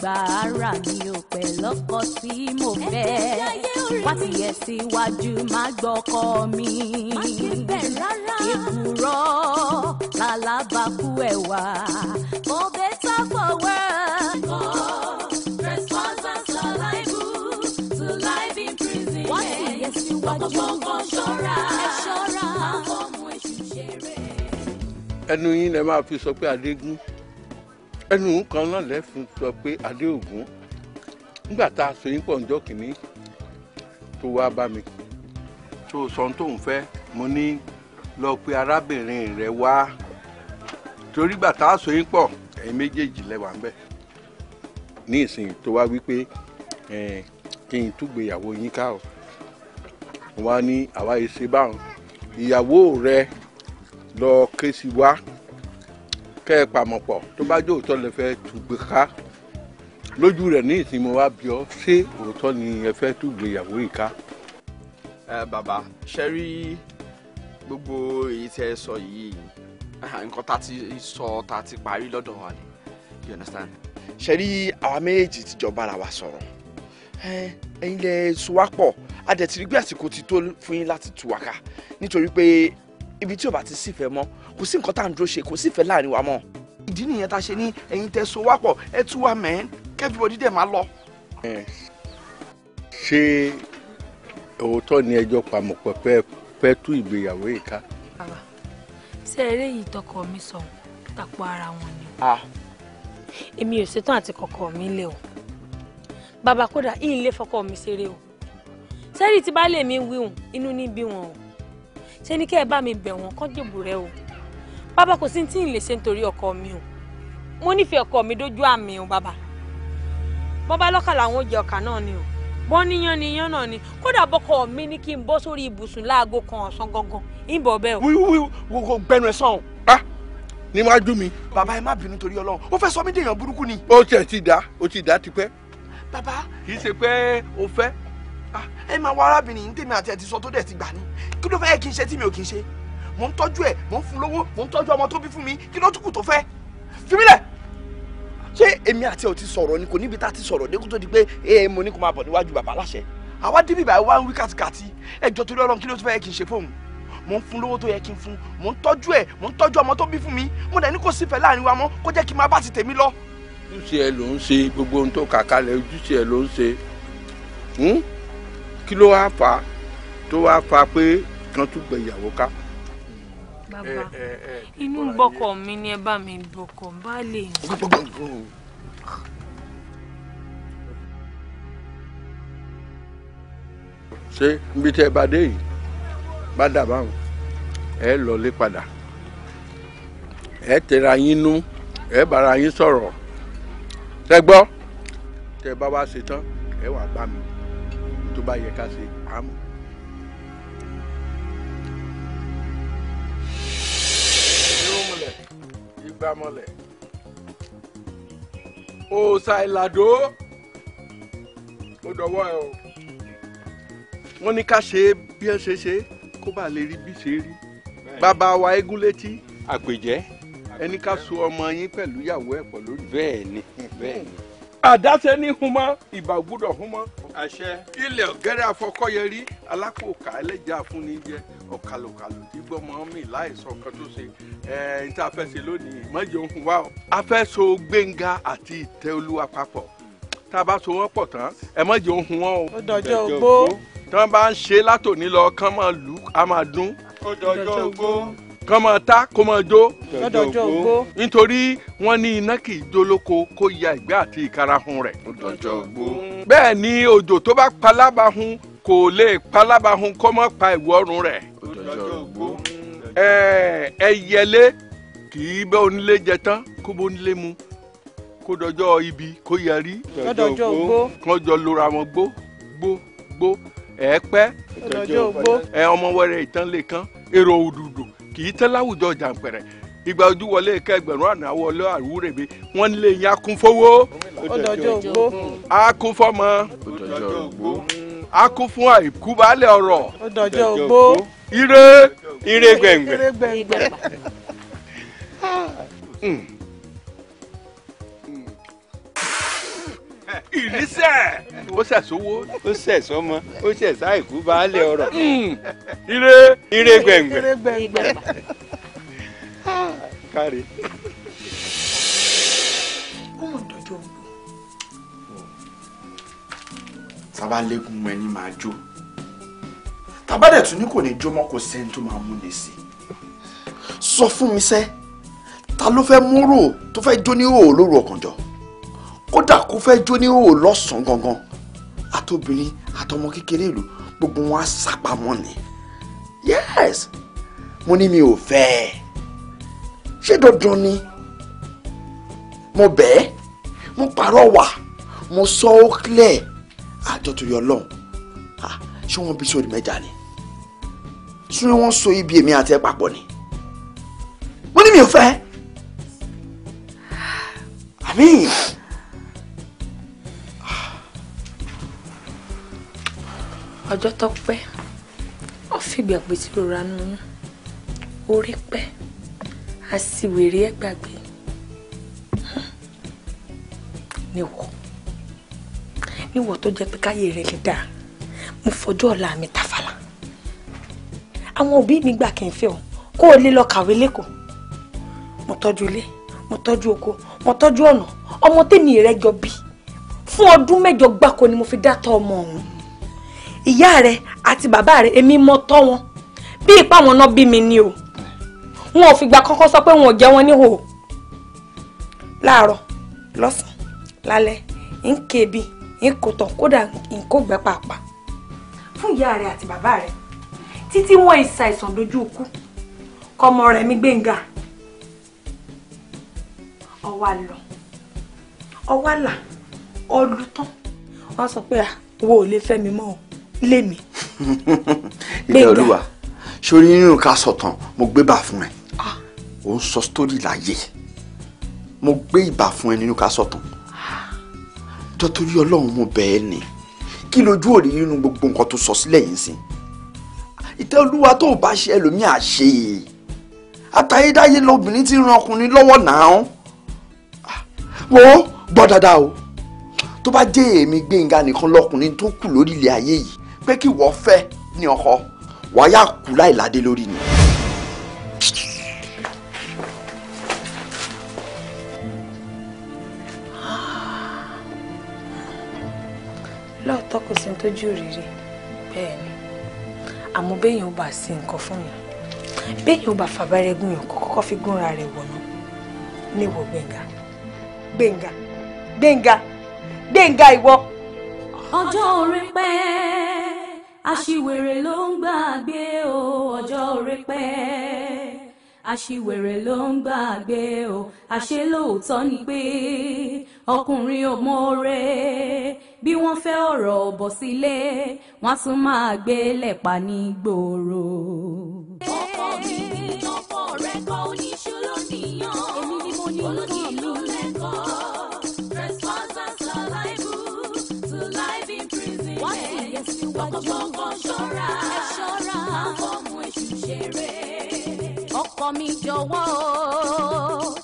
àgbà ara mi ò pẹ́ lọ́kọ tí mo fẹ́ wá tiẹ̀ síwájú má gbọ́kọ mi èkùrọ́ lálábàkú ẹ̀wà mo bẹ́ tá fọwọ́. ẹnu yín lè máa fi sọ pé adégún ẹnu kan náà lẹ́fun sọ pé adéògùn nígbà tá a sọyìn pọ̀ ǹjọ́ kìíní tó wá bá mi tó sọ tó ń fẹ́ mo ní lọ pe arábìnrin rẹ wá torí gbà tá a sọyìn pọ̀ ẹ̀yin méjèèjì lẹ́wà ń bẹ̀ ní ìsìn tó wá wípé kí n túgbéyàwó yín ká o wọn á ní àwa yìí ṣe báwọn ìyàwó rẹ lọ ké sí wa. kẹ́ ẹ pàmọ̀ pọ̀ tó bá jẹ́ òótọ́ lẹ fẹ́ tùgbé ká lójú rẹ̀ ní ìsinmi wa bí ọ ṣé òótọ́ ni ẹ fẹ́ tùgbé ìyàwó yìí ká. ẹ bàbá ṣe rí gbogbo èyí tẹ ẹ sọ yìí nǹkan tá a ti sọ tá a ti parí lọ́dọ̀ wa ni you understand ṣe rí àwa méjèèjì tìjọba ara wa sọ̀rọ̀ ẹ̀yin lẹ sùwàpọ̀ adẹ̀tìrígbé àsìkò ti tó fún yín láti tú wa ká nítorí pé ibi tí ò bá ti sífẹ̀ẹ́ mọ́ kò sí nǹkan tá à ń dúró ṣe kò sí ìfẹ́ láàrin wa mọ́ ìdí nìyẹn tá a ṣe ní ẹ̀yin tẹ́ so wá pọ̀ ẹ tú wa mẹ́ẹ́n kẹ́fìbọdí dẹ̀ máa lọ. ṣé òótọ́ ni ẹjọ́ pamọ́ pẹ́ pẹ́ tú ìgbéyàwó yìí ká. bàbá ṣé eré yìí tọkọ mi sọ tapọ ara wọn ni. èmi ò ṣetán àti kọkọ mi lé o bàbá kódà yìí lè fọkọ mi ṣeré o sẹ́rí tí baálé mi wíhùn inú ní wọn o ṣé ní kẹ́ ẹ bá mi bẹ̀ wọ́n kọ́jọ́bù rẹ o bàbá kò sí tí ì lè ṣe nítorí ọkọ mi o mo nífẹ̀ẹ́ ọkọ mi dójú àmì o bàbá bọ́bá lọ́kà làwọn ò jẹ ọkà náà ni o bọ́ níyan níyan náà ni kódà bọ́kọ mi ní kí n bọ́ sórí ibùsùn láago kan ọ̀sán gangan ìbọ̀ bẹ́ẹ̀ o. wíwí wíwí gbẹnu ẹ sàn á ní má dùn mí. bàbá ẹ má bínú torí Ọlọ́run ó fẹ́ sọ mí dèèyàn burúkú ni. ó tiẹ̀ ti dá ó ti dá tipẹ́. bàbá kì í ṣe pé o fẹ́. Ah, ẹ máa wá arábìnrin ní tèmi àti ẹ ti sọ tó dẹ̀ ti gbà ní kí ló fẹ́ kí n ṣe tí mi ò kí n ṣe mò ń tọ́jú ẹ̀ mò ń fún lówó mò ń tọ́jú ọmọ tó bí fún mi kí ló tún kù tó fẹ́ fi mí lẹ̀ ṣé èmi àti ọ̀ ti sọ̀rọ̀ ni kò níbi tá a ti sọ̀rọ̀ dẹ́kun tó di pé ee mo ní kó máa bọ̀ níwájú bàbá aláṣẹ àwa débi báyìí wá ń wí kàtìkàtì ẹjọ́ torí ọlọ́run kí ló tún fẹ́ kí n ṣe fóun mò ń fún lówó tó yẹ kí n fún mò ń tọ́jú ẹ̀ mò ń tọ́jú ọmọ tó bí fún mi mo dẹ̀ ní kò sífẹ̀ẹ́ láàrin wa mọ́ kó jẹ́ kí n máa bá ti tèmi lọ. ojúṣe ẹ ló ń ṣe gbogbo ohun tó kà kalẹ̀ ojúṣe ẹ ló ń ṣe hm? kí ló wáá fà á tó wáá fà á pé kan tún gbẹ ìyàwó ká bàbá eh, eh, eh, inú bọkọ mi ni ẹ bá mi bọkọ baálé. ṣé ibi tẹ bá dé yìí bá dà báwọn ẹ lọlé padà ẹ tẹra yín nú ẹ bára yín sọ̀rọ̀ tẹ gbọ́ tẹ bá wá ṣe tán ẹ wá bá mi tó bá yẹ ká ṣe àmọ́. gbámọ́lẹ̀ òòsà ìlàdó ó dọwọ́ ẹ o wọ́n ní ká ṣe bí ẹ ṣe ṣe kó bá lè rí bí ṣe rí bàbá wa eégún létí àpèjẹ ẹni ká so ọmọ yín pẹ̀lú ìyàwó ẹ̀ pọ̀ lónìí. bẹ́ẹ̀ ni bẹ́ẹ̀ ni. àdáṣe ní humọ ìbà gbúdọ̀ humọ. àṣẹ. ilẹ̀ ọ̀gẹ́rẹ́ afọkọ́yẹrí alákòókà ẹlẹ́jà fúnni jẹ ọ̀kalòkalò tí gbọ́mọ mi láìsọ kan tó ṣe ẹ n ta fẹ́ ṣe lónìí mọ́jọ ohun wa o. a fẹ́ so gbẹ̀ngà àti ìtẹ́ olúwa papọ̀ tá a bá so wọ́n pọ̀ tán ẹ mọ́jọ ohun wọn o. ó dọjọ́ ogbó. tí wọ́n bá ń ṣe látòní lọ kán máa lù á máa dún. ó dọjọ́ ogbó. kán máa ta kó máa jó. ó dọjọ́ ogbó. nítorí wọ́n ní iná kì í jólóko kó ya ìgbẹ́ àti ìkarahun rẹ̀. ó dọjọ́ ogbó. bẹ́ẹ̀ ni òjò tó bá palábàhun kò lè pálábá hun kọ́ mọ́ pa ìwọ ọrùn rẹ̀. ẹyẹlé kì í bẹ́ onílé jẹ tán kó bó onílé mu kó dọjọ́ ibi kó yẹrí kọjọ́ ògbó kọjọ́ lóra wọn gbó gbó gbó ẹ̀ẹ́pẹ́ kọjọ́ ẹ ọmọ wẹrẹ ìtàn lè kán èrò òdùdù kì í láwùjọ jàǹpẹ̀rẹ̀ ìgbà ojú wọlé àná wọlé àwúrẹ̀bẹ wọn akúnfowó akúnfọmọ a kún fún àìkú baálẹ̀ ọ̀rọ̀. ó dọjọ́ ogbó. ire ire gbẹ̀ngbẹ̀. ire gbẹ̀ngbẹ̀. Hmm. ìrísẹ̀ ó ṣẹ̀sówó ó ṣẹ̀sọ́mọ ó ṣẹ̀sá àìkú baálẹ̀ ọ̀rọ̀. Hmm. ire ire gbẹ̀ngbẹ̀. ire gbẹ̀ngbẹ̀. kárí. tábà lẹ́gùn ẹni máa jó tábà dẹ̀ tún ní kò ní jó mọ́ kò sẹ́ni tó máa mú ní sí sọ fún mi sẹ́ ta ló fẹ́ múrò tó fẹ́ jó ní òòlù lóru ọ̀kànjọ́ kódà kó fẹ́ jó ní òòlù lọ́sàn-án gangan àtobìnrin àtọmọ kékeré ìlú gbogbo wọn á sápamọ́ ni yes mo ní mi ò fẹ́ ẹ ṣé dandan ni mo bẹ́ẹ̀ mo pàrọ̀ wà mo sọ ó clear àjọ tó yọ lọ́hùn ṣé wọ́n bí sórí mẹ́ja ni súnmọ́ wọ́n so ibi èmi àti ẹ papọ̀ ni mo ní mi ò fẹ́ àmì ọjọ́ tó pẹ́ ó fìgbà pé tí ló ranú orí pẹ́ a sì wèrè ẹ̀ gbàgbé ni wọ́n níwọ̀ tó jẹ́ pé káyé rẹ̀ lè dáa mo fọjọ́ ọ̀la mi tàfàlà àwọn òbí mi gbà kí n fẹ́ ọ kó o lè lọ kàwé lẹ́kọ̀ọ́ mo tọ́jú ilé mo tọ́jú oko mo tọ́jú ọ̀nà ọmọ tèmi rẹ jọ bí fún ọdún mẹ́jọ gbáko ni mo fi dátọ́ ọmọ ọ̀hún ìyá rẹ àti bàbá rẹ èmi mọ tọ́ wọn bí ipá wọn náà bí mi ni o wọn ò fìgbà kankan sọ pé wọn ò jẹ wọn níhò láàárọ̀ lọ́sàn-án lálẹ́ ń kébi nǹkan tán kódà nǹkan gbẹ pàápàá fún ìyá rẹ àti bàbá rẹ títí wọn ìsà ìsàn dojú ikú kọmọ rẹ mi gbẹngà ọwọ àlọ ọwọ àlà ọlùtàn wọn sọ pé wo ò lè fẹ́ mi mọ́ lémi ilé olúwa sórí nínú ká sọ̀tàn mo gbé bà fún ẹ ò ah. ń sọ sítórì láyé mo gbé ìbà fún ẹ nínú ká sọ̀tàn jọ́tórí ọlọ́run mo bẹ̀ẹ́ ni kí lójú òrí nínú gbogbo nǹkan tó sọ sílẹ̀ yìí sìn ìtẹ́ olúwa tó o bá ṣe ẹlòmíì àṣe àtayédáyé lobìnrin ti ran ọkùnrin lọ́wọ́ náà wo gbọ́ dáadáa o tó bá jẹ́ èmi gbẹ̀ngà nìkan lọkùnrin tó kù lórí ilẹ̀ ayé yìí pé kí wọ́n fẹ́ ní ọkọ wàá yà kú láìládé lórí ni. tójú rírí bẹ́ẹ̀ ni àmọ́ béèyàn ò bá sí nǹkan fún yàn béèyàn ò bá fàbẹ́rẹ́ gún yàn kọ́kọ́ fi gúnra rẹ̀ wọ̀nà níwọ̀ gbẹ̀ngà gbẹ̀ngà gbẹ̀ngà gbẹ̀ngà ìwọ. ọjọ́ orí pẹ́ aṣiwèrè ló ń gbàgbé o ọjọ́ orí pẹ́ aṣiwèrè ló ń gbàgbé o àṣé lóòótọ́ ni pé ọkùnrin ò mọ̀ọ́rẹ́ bí wọ́n fẹ́ ọ̀rọ̀ bọ̀ sílé wọ́n tún máa gbé lẹ́pa ní gbòòrò. ọkọ mi ọkọ rẹ kọ oníṣó ló èmi ni mo ní olókìkí. ọgbọ̀ngàn ṣọ́ra ṣọ́ra máa fọ́ọ̀mù èṣù ṣeré ọkọ mi jọ̀wọ́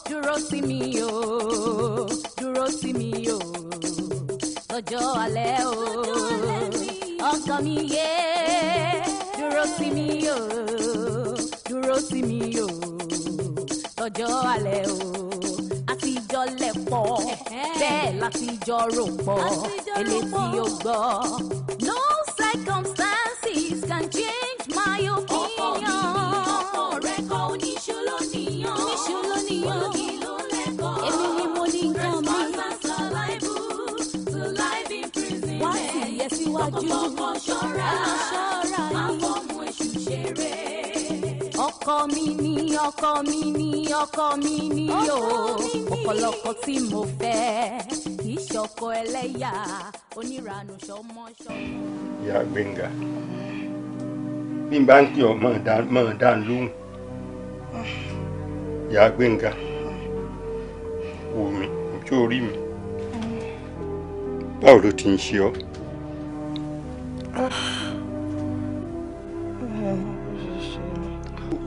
dúró sí mi o dúró sí mi o lọ́jọ́ alẹ́ o ọkọ mi yé dúró sí mi o dúró sí mi o lọ́jọ́ alẹ́ o àtijọ́ lẹ̀ bẹ́ẹ̀ látijọ́ rò èlé tí o gbọ́ no circumstances can change my opinion níṣó ló níyàn níṣó ló níyàn ògì ló lẹ́kọ̀ọ́ èmi ni mo ní nǹkan mi. wá sí ìyẹsíwájú ọkọ ṣọ́ra àfọmù èṣù ṣeré. ọkọ mi ni ọkọ mi ni ọkọ mi ni o ọ̀pọ̀lọpọ̀ tí mo fẹ́ kì í ṣọkọ ẹlẹ́yà oníranù ṣọmọ ṣọmọ. ìyá gbẹ̀ngà bí n bá ń pè ọ́ mọ̀ ọ́n dá lóhùn ìyá gbẹ̀ngà wò mí ojú orí mi báwo ló ti ń ṣe ọ́.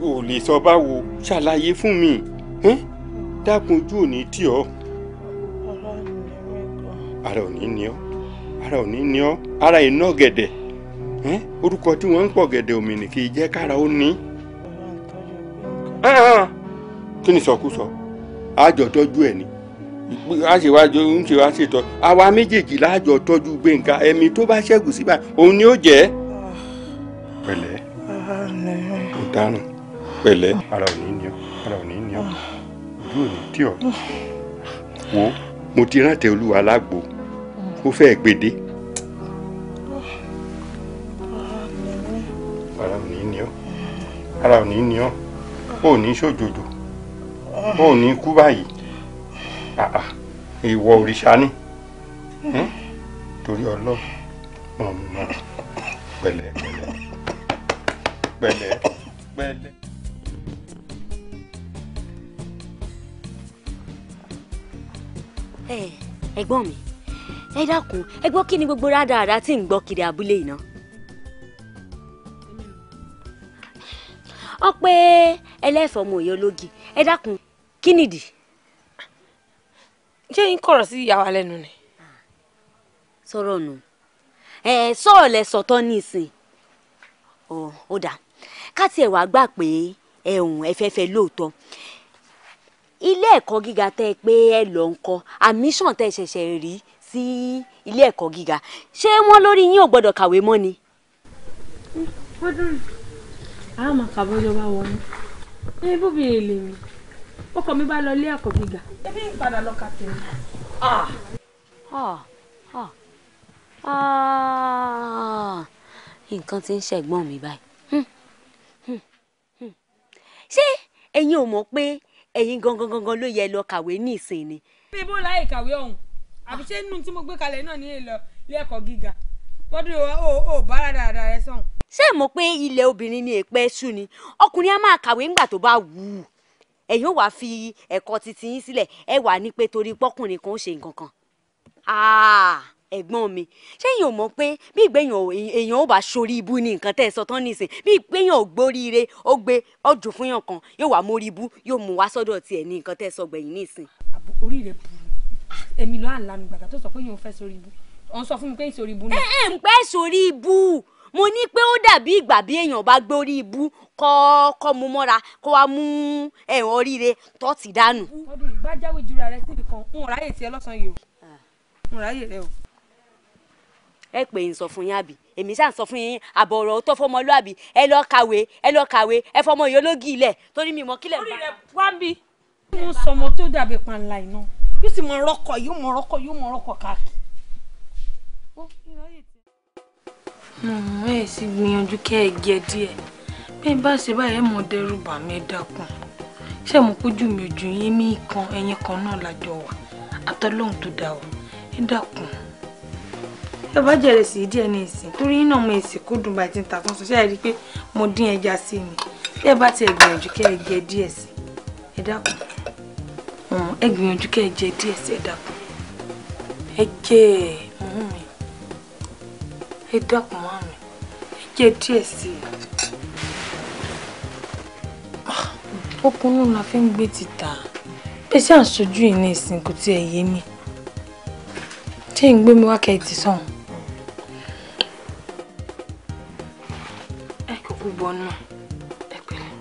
o lè sọ báwo ṣàlàyé fún mi dákun ojú òní tì ọ́ ara òní ni ọ́ ara òní ni ọ́ ara iná gẹ̀dẹ̀ orúkọ tí wọ́n ń pọ̀ gẹ̀dẹ̀ òmìnir kì í jẹ́ kára ó ní kí ni sọkúsọ àjọ tọ́jú ẹ̀ ni àṣewájú ń ṣe wá ṣètọ́ àwa méjèèjì láàjọ tọ́jú Gbénga ẹ̀mí tó bá ṣẹ́gun síbà òun ni ó jẹ́. pẹ̀lẹ́ kò dáràn pẹ̀lẹ́ ara ò ní ní ọ ara ò ní ní ọ ojú ò ní tí ọ wo mo ti rántẹ olúwa lágbo ó fẹ́ gbèdé. ara ò ní ní ọ ara ò ní ní ọ ò ní ṣòjòjò. ò ní kú báyìí ah, ah, ìwọ òrìṣà ni hm? torí ọlọ́run ọmọ pẹ̀lẹ́ pẹ̀lẹ́ pẹ̀lẹ́ pẹ̀lẹ́. Eh, ẹ̀gbọ́n mi ẹ dákun ẹ gbọ́ kí ni gbogbo rádaràda tí ń gbọ́ kiri abúlé yìí náà. ọpẹ́ ẹlẹ́fọ̀ọ́ mọ̀ yọ ẹ dákun kí nìdí. ṣé yín kọ̀rọ̀ sí ìyá wa lẹ́nu ni. sọ̀rọ̀ nù ẹ sọ̀rọ̀ lẹ sọ̀tọ̀ ní ìsìn ó dà ká tiẹ̀ wá gbà pé ẹ̀hún ẹ̀fẹ̀fẹ̀ lóòótọ́ ilé ẹ̀kọ́ gíga tẹ́ ẹ pé ẹ lọ ń kọ́ admission tẹ́ ẹ ṣẹ̀ṣẹ̀ rí sí ilé ẹ̀kọ́ gíga ṣé wọ́n lórí yín ò gbọ́dọ̀ kàwé mọ́ ni. wọ́n dùn a máa kàwé lọ́wọ́ wọn ní èlè mi. ọkọ mi bá lọ ilé ẹ̀kọ́ gíga. ebi ń padà lọ kàtẹ́ ah. nǹkan tí ń ṣẹ̀gbọ́n mi báyìí ṣé ẹ̀yin ò mọ̀ pé ẹ̀yin gangan ló yẹ lọ kàwé ní ìsìn ni. bó kàwé ọ̀hún àbí ẹ yóò wá fi ẹ̀kọ́ titi yín sílẹ̀ ẹ wà ní pé torí pọ́kùnrin kan ó ṣe nǹkan kan ah, ẹ̀gbọ́n mi ṣẹ́yìn ò mọ̀ pé bí ìgbẹ́yìn èèyàn ò bá sórí ibú ní nǹkan tẹ́ ẹ sọ tán nìsín bí ìgbẹ́yìn ò gbóríire ó gbé ọ̀jù fún yàn kan yóò wá mórí ibú yóò mú wá sọ́dọ̀ tiẹ̀ ní nǹkan tẹ́ ẹ sọ gbẹ̀yìn nìsín. orí rẹ burú èmi ló à ń lanu gbàgbà tó sọ pé yóò fẹ́ sórí ibú òun sọ fún mi pé ìsorí ibú náà. ẹ ẹ ń pẹ́ sórí ibú mo ní pé ó dàbí ìgbà bí èèyàn bá gbórí ibú kọ́kọ́ mú mọ́ra kó wá mú ẹ̀wọ̀n oríire tó ti dànù. ọdún ìgbàjáwé jura rẹ síbi kan n ò ráyè tí ọlọ́sàn yìí o n ò ráyè rẹ o. ẹ pè ń sọ fún yín àbí èmi ṣáà ń sọ fún yín àbọ̀ ọ̀rọ̀ tó fọmọlúàbí ẹ lọ kàwé ẹ lọ kàwé ẹ fọmọ ìyólógì ilẹ̀ torí mi mọ kílẹ̀ ń bá. wá ń bí. mo sọmọ tó dàbí panla iná yóò sì mọ ẹ sì gbìyànjú kẹ́ ẹ gẹ díẹ̀ bẹ́ẹ̀ bá ṣe báyìí mọ̀ dẹ́rù bà mí ẹ dákun ṣé mo kójú mi ojú yín mí kan ẹyin kan náà lájọ wà àtọ́lọ́hún tó dà wá ẹ dákun ẹ bá jẹ̀rẹ̀ sí díẹ̀ ní ìsìn torí iná ọmọ ìsìn kó dùn báyìí tí ń ta kan sọ ṣé ẹ rí i pé mo dín ẹja sí mi bẹ́ẹ̀ bá ti ẹ gbìyànjú kẹ́ ẹ gẹ díẹ̀ sí ẹ dákun ẹ gbìyànjú kẹ́ ẹ jẹ díẹ̀ sí ẹ dákun ẹ jẹ́ ẹ̀ ẹ dákun mọ́ mi ẹ jẹ́ díẹ̀ sí i. ọkùnrin ah, la fi ń gbé títà bẹ́ẹ̀ sí àṣojú ìní ìsìn kò tiẹ̀ yé mi ṣé ń gbé mi wá kẹ́ẹ̀tì sọ̀hún. ẹ kò kú bọ́ náà ẹ pẹ̀lẹ́.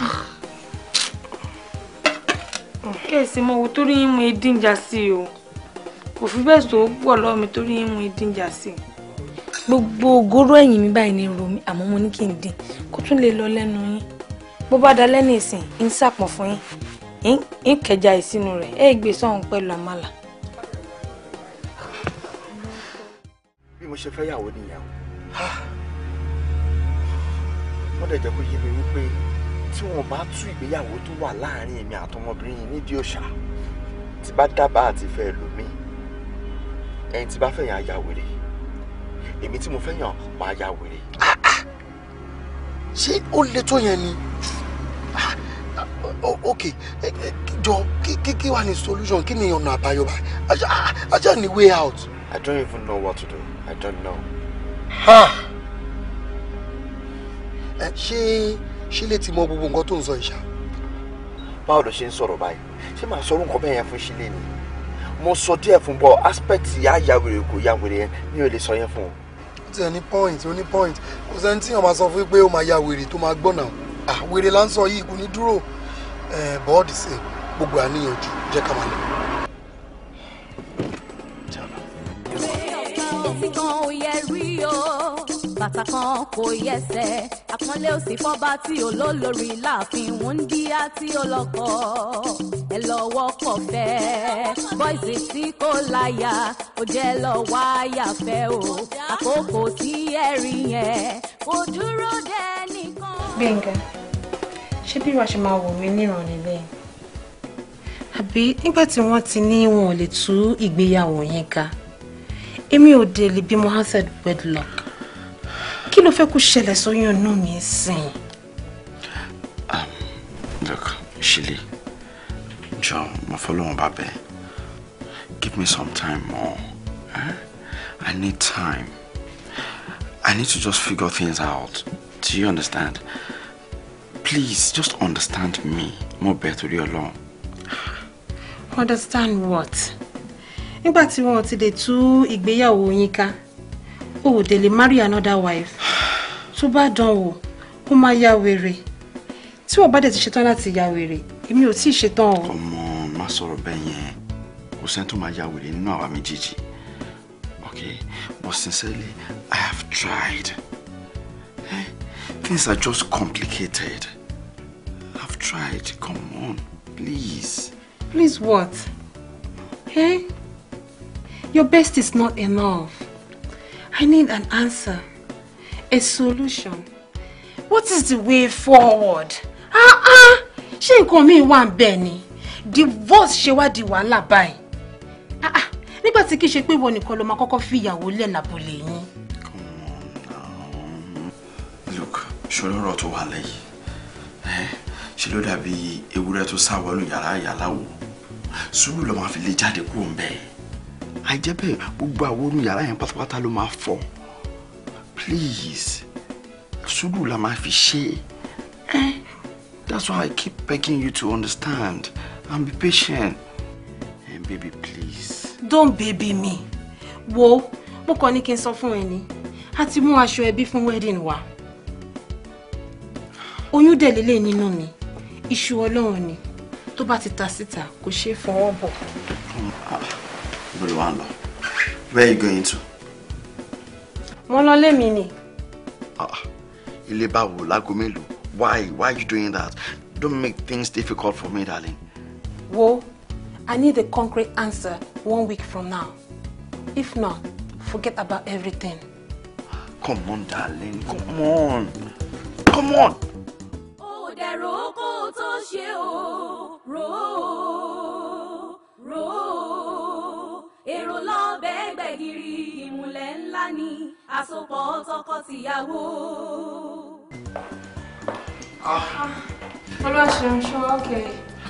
Ah. kẹ́ẹ̀sì mọ owó tó rí yín mú edínjà sí i o kò fi bẹ́ẹ̀ sọ pọ̀ lọ́wọ́ mi torí ìwọ̀n ìdíjà sí gbogbo ògóró ẹ̀yìn mi báyìí ni ro mi àmọ́ mo ní kí n dín kó tún lè lọ lẹ́nu yín bó bá da lẹ́nu ìsìn ń sàpọ̀ fún yín ń kẹja ìsinu rẹ̀ ẹ̀ gbé sọ́hun pẹ̀lú àmàlà. bí mo ṣe fẹ́ yàwó nìyàwó wọ́n dẹ̀ jẹ́ kó yé mi wípé tí wọ́n bá tú ìgbéyàwó tó wà láàárín èmi àtọmọbìnrin yìí nídìí òòṣà tí bá dábàá àti fẹ́ lòmíì ẹni bá fẹ́ yàn á ya wèrè èmi tí mo fẹ́ yàn máa ya wèrè. ṣé ó le tó yẹn ni ah, ok jọ kí wà ní solution kí ni ọ̀nà àbáyọ bá ajá ni way out. I don't even know what to do I don't know. ṣé ṣé lè ti mọ gbogbo nǹkan tó ń sọ ìṣá. báwo ló ṣe ń sọ̀rọ̀ báyìí ṣé màá sọ orúkọ bẹ́ẹ̀ yẹn fún ṣílẹ̀ ni mo sọ díẹ̀ fún bọ́ aspect yà yà wèrè kò yà wèrè yẹn mi ò lè sọ yẹn fún o. ti ẹ̀ ní point ó ní point kò sẹ́ni tí wọ́n máa sọ fún pé ó máa ya wèrè tó máa gbọ́nà àwèrè là ń sọ yìí kò ní dúró bọ́ọ̀dì sí gbogbo àníyànjú jẹ́ ká máa lọ. ìwé ọ̀gá òfin bàtà kan kò yẹsẹ̀ àpọ́nlé òsì fọ́ba tí olólórí láàfin wúńdíá tí ó lọ́kọ ẹ lọ́wọ́ kọ̀ fẹ́ bọ́ìsì tí kò láyà ó jẹ́ lọ wá yàfẹ́ o àkókò tí ẹ rí yẹn kò dúró dé nìkan. Gbẹ̀ngà ṣé bí wàá ṣe máa wò mí níran nílẹ̀ àbí nígbà tí wọ́n ti ní wọn ò lè tú ìgbéyàwó yẹn ká èmi ò dé lè bímọ outside wedlock kí ló fẹ́ kó ṣẹlẹ̀ sóyún inú mi sìn. Um, look ṣílẹ̀ jọ mo fọlọ́wọ́n bá bẹ́ẹ̀ give me some time more eh? i need time i need to just figure things out do you understand please just understand me mo bẹ̀ torí ọlọ́run. understand what? nígbà tí wọn ti lè tú ìgbéyàwó yín ká o ò délé marry another wife tó bá dán o ó máa ya wèrè tí wọ́n bá dẹ̀ ti ṣetán láti ya wèrè èmi ò tíì ṣetán o. ọmọ má sọ̀rọ̀ bẹ́ẹ̀ yẹn kò sẹ́ni tó máa ya wèrè nínú àwa méjèèjì okay but sincerely I have tried things are just complicated I've tried come on please. Please what? Hey? Eh? Your best is not enough. I need an answer, a solution. What is the way forward? Ah ah! Ṣé nǹkan mi wà ń bẹ̀ Divorce she wa di wala by. Ah ah! Nígbà tiki she í ṣe kolo makoko fi ló máa kọ́kọ́ fi ìyàwó lẹ̀ nàbọ̀lẹ̀ yín. Look, ṣòro ọ̀rọ̀ tó wà lẹ́yìn. Ṣé ló dàbí ewúrẹ́ tó yala wọnú yàrá ìyàláwo? Sùúrù ló máa fi lè jáde kúrò ń àìjẹ́ bẹ́ẹ̀ gbogbo àwọn yàrá yẹn pátápátá ló máa fọ́ please sùúrù la máa fi ṣe eh, that's why I keep begging you to understand and be patient and eh, baby please. don't baby me wo mo kàn ní kí n sọ fún ẹ ni a ti mú aṣọ ẹbí fún wedding wa oyún dẹ̀ lélẹ̀ nínú mi iṣu ọlọ́run ni tó bá ti ta síta kò ṣeé fọwọ́ bọ̀. Oh, ah. Bolo wa ń lọ. Where you going to? Mo lọ lé mi ni. Ah, ilé báwo lágo mélòó? Why? Why are you doing that? Don't make things difficult for me, darling. Wo, I need a concrete answer one week from now. If not, forget about everything. Come on, darling. Come on. Come on. Ó dẹ̀ ó kó tó ṣe o, rò ó. ògidìrì ìmùlẹ̀ ńlá ni àsopọ̀ tọkọ-tìyàwó. Ah. olùwàṣẹ̀rùn ṣe wá òkè.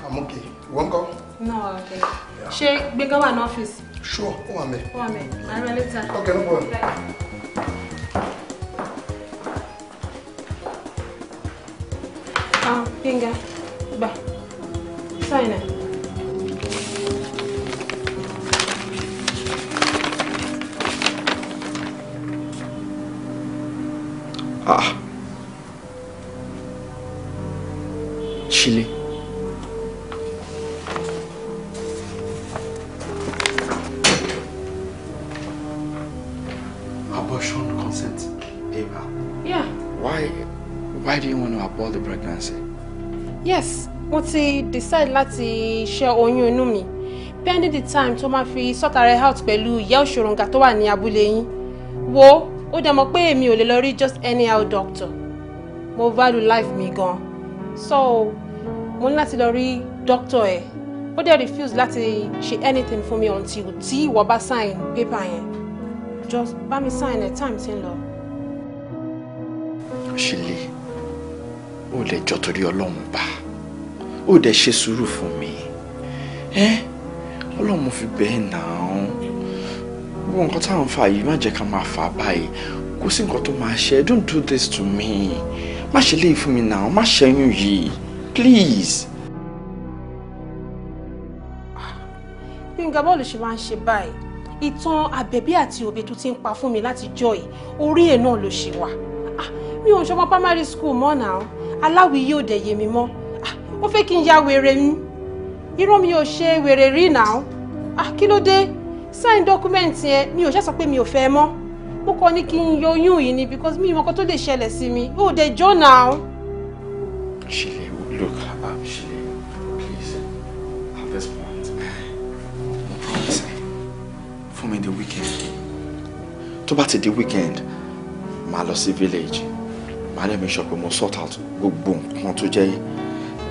I'm okay. wọ́n kọ́. no okay. ṣé gbégbá wà ní ọ́fíìsì. sure ó wà mẹ́. ó wà mẹ́ àárẹ̀ later. okay no problem. ah gbẹ̀ngà gbà sáyẹn náà. Ah. Chile. Abortion consent, Ava. Yeah. Why, why do you want to abort the pregnancy? Yes, mo ti decide láti ṣe oyún inú mi pending the time tó máa fi sort ara out pẹ̀lú ìyá òṣòròǹgà tó wà ní abúlé yín. Wo ó dẹ̀ mọ̀ pé èmi ò lè lọ rí just anyhow doctor mo value life mi gan so mo ní láti lọ rí doctor ẹ̀ ó dẹ̀ refuse láti ṣe anything fún mi until tí ìwọ bá sign paper yẹn just bá mi sign ẹ̀ time ti ń lọ. ṣílè ó lè jọ torí ọlọ́run bá ó dẹ̀ ṣe sùúrù fún mi ọlọ́run mo fi bẹ́ẹ̀ náà gbogbo nǹkan táwọn fà yìí má jẹ́ ká máa fà báyìí kò sí nǹkan tó máa ṣe don't do this to me má ṣe léyìí fún mi náà má ṣẹ́yún yìí please. gbẹ̀ngà ah, bọ́ọ̀lù ṣe máa ń ṣe báyìí ìtàn àbẹ̀bí àti òbí tó ti ń pa fún mi láti jọ yìí orí ẹ̀ náà ló ṣe wà ah, mi ò ṣọmọ primary school mọ́ náà aláwìí yóò dẹ̀ yé mi mọ́ ó ah, fẹ́ kí n ya wèrè mi irọ́ mi ò ṣe wèrè rí náà kí ló dé sign document yẹn mi ò ṣe sọ pé mi ò fẹ́ mọ́ mo kọ ní kí n yọ yìí ni because mi ìmọ̀kan tó lè ṣẹlẹ̀ sí mi ó dé jọ́ náà. Ṣílẹ̀ look um, uh, Ṣílẹ̀ please at this point mo promise For me, the weekend tó bá ti di weekend màá lọ sí village màá lè make sure pé mo sort out gbogbo nǹkan tó jẹ́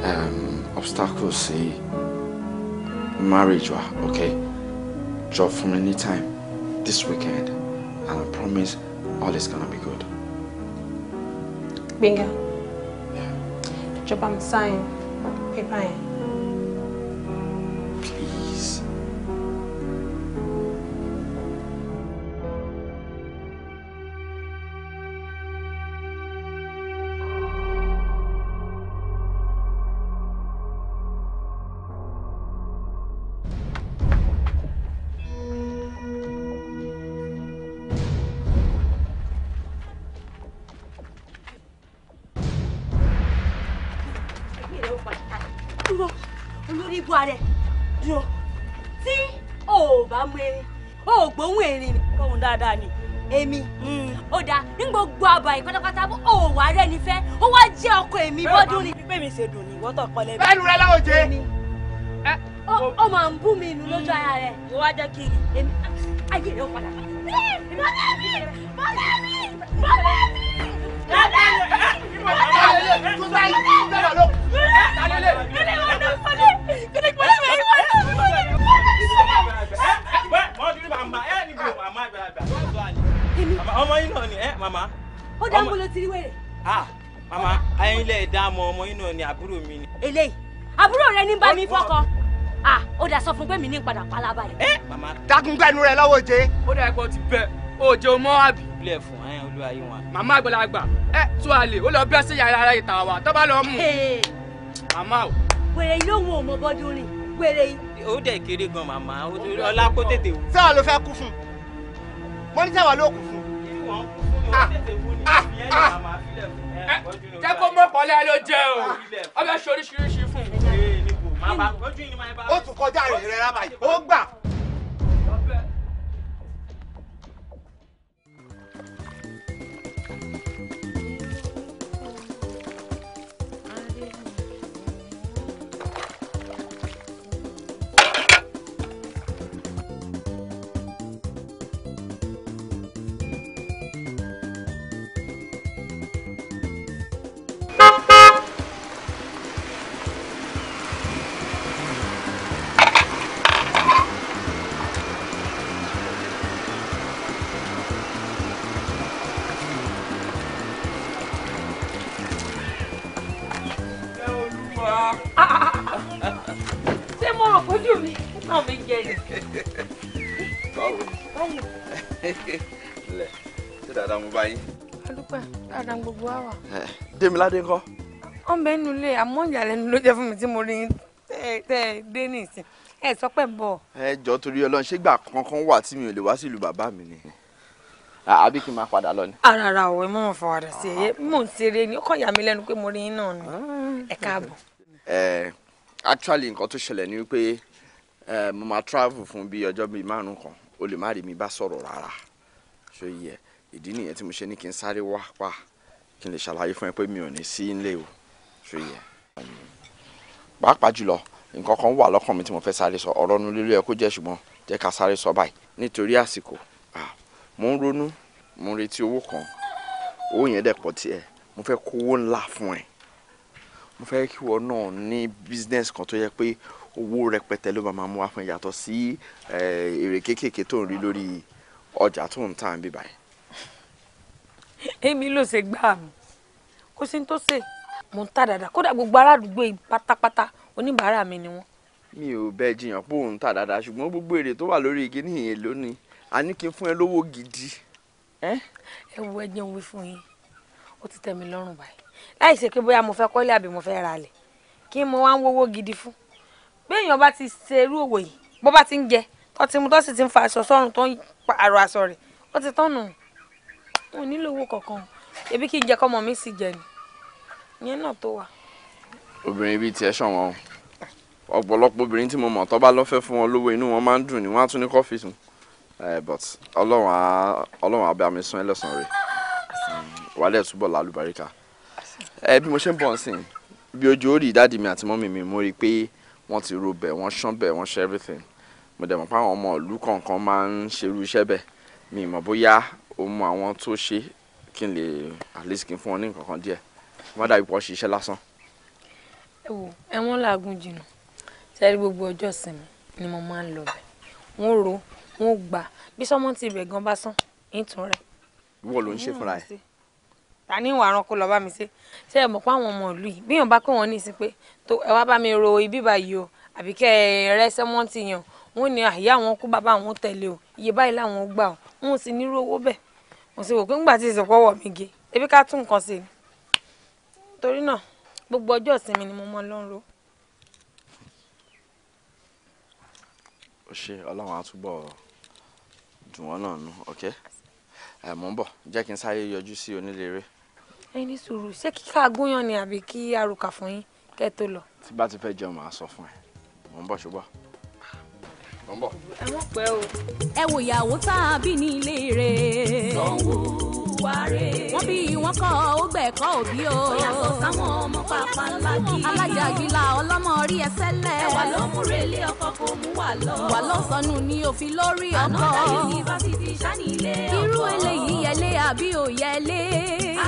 um, obstacles sí marriage wa okay. Drop from any time this weekend, and I promise all is gonna be good. Binga. Yeah. Job I'm signing. Paper. Eh? ṣe dùn ní ìwọ́tọ̀ kọ́lé mi. bẹ́ẹ̀ni rẹ láwọn jẹ. ó máa ń bú mi inú lójú ara rẹ̀. mo wá jẹ́ kí ni. ayé rẹ̀ ó padà bá. mọ̀lẹ́bí mọ̀lẹ́bí mọ̀lẹ́bí. Ọmọ yín náà ni ẹ màmá. Ó dá ń bolo tiri wẹ̀rẹ̀ màmá ayẹyẹlẹ ẹdá ọmọ ọmọ inú ni àbúrò mi ni. eléyìí àbúrò rẹ ní bá mi fọkọ ah ó dà sọ fún pé mi ní padà palaba yìí. ẹ màmá. dagun gbẹnu rẹ lọ́wọ́ jẹ. ó dà ẹ̀pọ̀ ti bẹ̀ òjò mọ́ àbí. ilé ẹ̀fọn ayé olúwa yìí wọn. màmá àgbàlagbà ẹ tú àlè ó lọ bẹ́ sí yàrá ara ìta wa tó bá lọ mú. màmá o. wèrè yìí lóhun ò mọ bọ́dún rìn wèrè yìí. ó dẹ̀ kéré gan màmá ọlá kó tètè wù. sáà ló fẹ́ kú fún mo ní sáà ló kú fún ìwọ̀n kú fún mi ó tètè wù ní ìfìyẹ́ jẹ́ kó mọ̀ kọ́lẹ́ ló jẹ́ o ọbẹ̀ ṣe oríṣiríṣi fún un. ó tún kọjá rẹ̀ rẹ̀ rábàyè ó gbà gbogbo wa wà. Dèmíládé ńkọ́. ó ń bẹ nínú ilé àmọ́ ìyàlẹ́nu ló jẹ́ fún mi tí mo rí tẹ́ ẹ dé nìsín ẹ sọ pé ń bọ̀. ẹ jọ torí Ọlọ́run ṣé gbà kankan wà tí mi ò lè wá sílùú bàbá mi ni àbí kí n máa padà lọ ni. ara ah, ara òwe mo mọ̀ fọwọ́dà sí ẹyẹ mò ń ṣeré ni ó kàn yà mí lẹ́nu pé mo rí yín náà ni ẹ káàbọ̀. ẹ actually nǹkan tó ṣẹlẹ̀ ni wípé mo máa travel fún bíi ọjọ́ bíi márùn kan o lè má rí mi bá sọ̀rọ̀ rárá ṣó ìdí nìyẹn tí mo ṣe ní kí n sáré wá pa kí n lè ṣàlàyé fún ẹ pé mi ò ní sí nílé o ṣe yẹ. pàápàá jùlọ nǹkan kan wà lọ́kàn mi tí mo fẹ́ sáré sọ ọ̀rọ̀ nu lílo ẹ kó jẹ́ ṣùgbọ́n jẹ́ ká sáré sọ báyìí nítorí àsìkò mo ń ronú mo ń retí owó kan owó yẹn dẹ̀ pọ̀ tiẹ̀ mo fẹ́ kówó ńlá fún ẹ mo fẹ́ kí wọn náà ní business kan tó yẹ pé owó rẹpẹtẹ ló máa mú wá fún ẹ yàtọ̀ sí èrè kéékèèké tó ń rí lórí ọjà tó ń tà ń bíbáyìí èmi ló ṣe gbà mí kò sí ní tó ṣe mò ń ta dáadáa kódà gbogbo aráàdúgbò yìí pátápátá oníbàárà mi ni wọ́n. mi ò bẹ́ẹ̀ jiyàn pé òun ta dáadáa ṣùgbọ́n gbogbo èrè tó wà lórí igi nìyẹn lónìí a ní kí n fún ẹ lówó gidi. ẹ wo ẹjẹ ń wí fún yín ó ti tẹ́ mi lọ́rùn báyìí láì ṣe pé bóyá mo fẹ́ kọ́lé àbí mo fẹ́ ra ilẹ̀ kí mo wá ń wówó gidi fún béèyàn bá ti ṣe irú òwò yìí bó bá ti ń jẹ tó ti mu tó sì ti ń fa aṣọ sọ́run tó ń pààrọ̀ aṣọ rẹ̀ ó ti tọ́nu wọn ò nílò owó kankan ebi kí n jẹ kọ́mọ mi sì jẹ ni ìyẹn náà tó wà. obìnrin bíi tiẹ̀ ṣàn wọn o ọ̀pọ̀lọpọ̀ obìnrin tí mo mọ̀ tó bá lọ́fẹ́ fún wọn lówó inú wọn máa ń dùn ni wọ́n á tún ní kọ́fì sùn eh, but ọlọ́run á bá mi san ẹlẹ́sàn rẹ̀ wàlẹ̀ túbọ̀ lálùbáríkà eh, bí mo ṣe ń bọ̀ nsìn bí ojú ó rí ìdádì mi àti mọ́mì mi mo rí i pé wọ́n ti ro bẹ̀ wọ́n ṣán bẹ̀ wọ́n ṣe everything mo dẹ̀ mọ̀ pé àwọn ọmọ ìlú kọ̀ọ̀kan máa ń ṣerú iṣẹ́ bẹ̀ mi mọ̀ bóyá o mọ àwọn tó ṣe kí n lè at least kí n fún ọ ní nǹkan kan díẹ̀ má dàbí pọ̀ ṣiṣẹ́ lásán. ẹ wo ẹ̀wọ̀n làágùn jìnnà sẹ́rí gbogbo ọjọ́ ìsinmi ni mo máa ń lọ bẹ̀ wọ́n ro wọ́n gbà bí sọ́mọ́ ti ibẹ̀ gan bá sán ìtún rẹ̀. wọ́n ló ń ṣe fúnra ẹ̀. ta ni ìwà aranko lọ bá mi ṣe ṣe é mọ̀ pé àwọn ọmọ ìlú yìí bíyàn bá kó wọn ní ìsìn pé tó ẹ wá bá mi ro ibí báyìí o àbí kẹ́ ẹ rẹ́ sẹ́mọ́ǹtì yàn wọ́n ní àyà àwọn kú bàbá àwọn tẹ̀lé o iye báyìí làwọn gbà o wọ́n sì ní owó bẹ́ẹ̀ mo sì wò pé ńgbà tí ìsìnkú ọwọ́ mi gé ebi ká tún nǹkan sí i torí náà gbogbo ọjọ́ ìsinmi ni mo mọ lọ́nrọ́. ó ṣe ọlọ́run á túbọ̀ dùn wọ́n náà nù ok ẹ̀ mò ń bọ̀ jẹ́ kí n sáré yọjú sí oníléré. ẹ ní sùúrù ṣé kíkà gúnyàn ni àbí kí arùkà fún yín kẹ́ tó lọ. tí bá ti fẹ́ jẹun màá sọ fún ẹ mò ń bọ̀ ṣùgbọ́n ló ń ẹ mọ̀ ìyàwó tá a bí ní ilé rẹ̀. wọ́n bí wọ́n kọ́ ó gbẹ̀kọ́ òbí o. ọ̀yàtọ̀ sáwọn ọmọ pàpà ńlá kí. alájàgìlà ọlọ́mọ rí ẹsẹ̀ lẹ̀. ẹwà ló múre ilé ọkọ kò mú wà lọ. wà ló sọnù ni òfin lórí ọkọ. ànọ́dà yunifásitì sani ilé ọkọ. irú eléyìí yẹlé àbí ò yẹlé.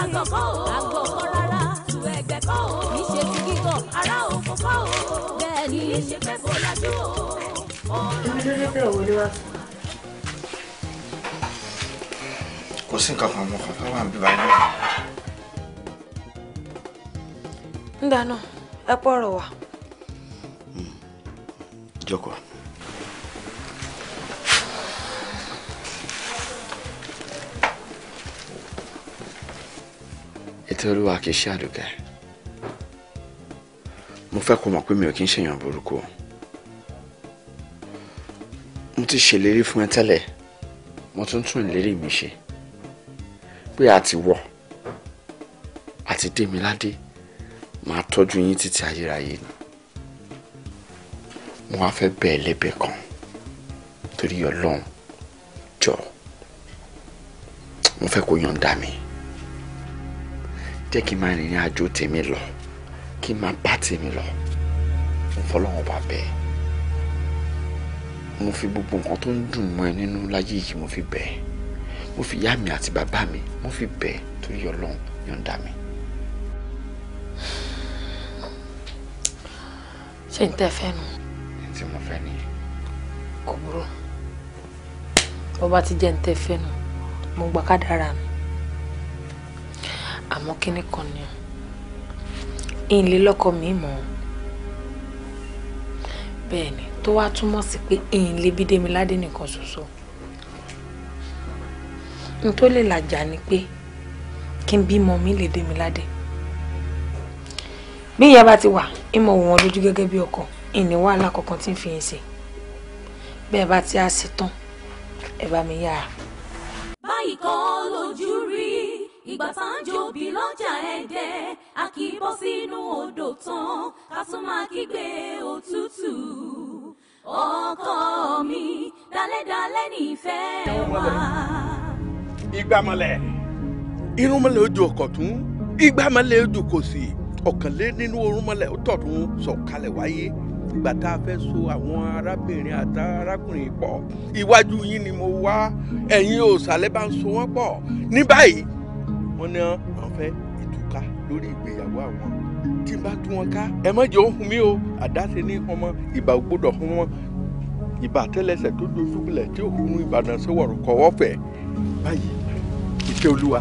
àgọ̀kọ́ o àgọ̀kọ́ rárá tù ẹgbẹ́ kọ́ o. kì í ṣe ti kíkọ. ara òfófó o. bẹ́ẹ̀ ni èmi ló kò sí nǹkan kan kan tó wà ń bí wa ní. ń dáná ẹ pọ̀rọ̀ wá. jókòó. ètò olúwa kì í ṣe àdùkẹ́ mo fẹ́ kó mọ̀ pé mi ò kí ń ṣèyàn burúkú mo ti ṣèlérí fún ẹ tẹ́lẹ̀ mo tún tún ìlérí mi ṣe pé àti wọ àti Dẹ́miládé máa tọ́jú yín títí ayérayé ni mo wá fẹ́ bẹ́ẹ̀ lẹ́bẹ̀ẹ́ kan torí ọlọ́run jọ mo fẹ́ kó yọ̀ǹda mi jẹ́ kí n máa rìnrìn àjò tèmi lọ kí n máa bá tèmi lọ mo fọlọ́run bá bẹ́ẹ̀ mo fi gbogbo nǹkan tó ń dùn mọ́ ẹ nínú láyé yìí mo fi bẹ̀ ẹ́ mo fi ìyá mi àti bàbá mi mo fi bẹ̀ ẹ́ torí ọlọ́run yọ̀ǹda mi. ṣé n tẹ́ fẹ́ nu. ní tí mo fẹ́ nìyẹn. kò burú bó bá ti jẹ́ n tẹ́ fẹ́ nu mo gbà kádàrá mi àmọ́ kíní kan ni ìlélọ́kọ mi mọ̀ bẹ́ẹ̀ ni tó wá túmọ̀ sí pé èèyàn lè bí Démiládé nìkan ṣoṣo n tó lè làjà ni pé kí n bímọ mi lè Démiládé bí ìyá bá ti wà ìmọ̀ wò lójú gẹ́gẹ́ bí ọkọ ìní wàhálà kankan tí ń fi ṣe bẹ́ẹ̀ bá ti á ṣe tán ẹ bá mi yára. báyìí kọ́ lójú rí ìgbà tá à lọ́jà ẹ̀dẹ́ a kì í bọ́ sínú odò tán ká tún máa kígbe òtútù ọkọ mi dalẹ́dalẹ́ nífẹ̀ẹ́ wa. ìgbàmọ̀lẹ̀ irúnmọ̀lẹ̀ ojú ọkọ̀ tún ìgbàmọ̀lẹ̀ ojú kò sí ọ̀kan lé nínú orúnmọ̀lẹ̀ tọ̀tún sọ̀kalẹ̀ wáyé ìgbà tá a fẹ́ so àwọn arábìnrin àti arákùnrin pọ̀ iwájú yín ni mo wá ẹ̀yin òsàlẹ̀ bá ń so wọ́n pọ̀ ní báyìí wọ́n ní wọ́n fẹ́ ìtúká lórí ìgbéyàwó àwọn tí n bá tú wọn ká ẹ má jẹ́ ohun mi o àdáṣe ní ọmọ ìbà gbọ́dọ̀ hun wọn ìbà tẹ́lẹsẹ̀ tó dojú bilẹ̀ tí òhun ìbàdàn sí wọ̀rọ̀ kọ̀ wọ́fẹ̀ báyìí ìfẹ́ olúwa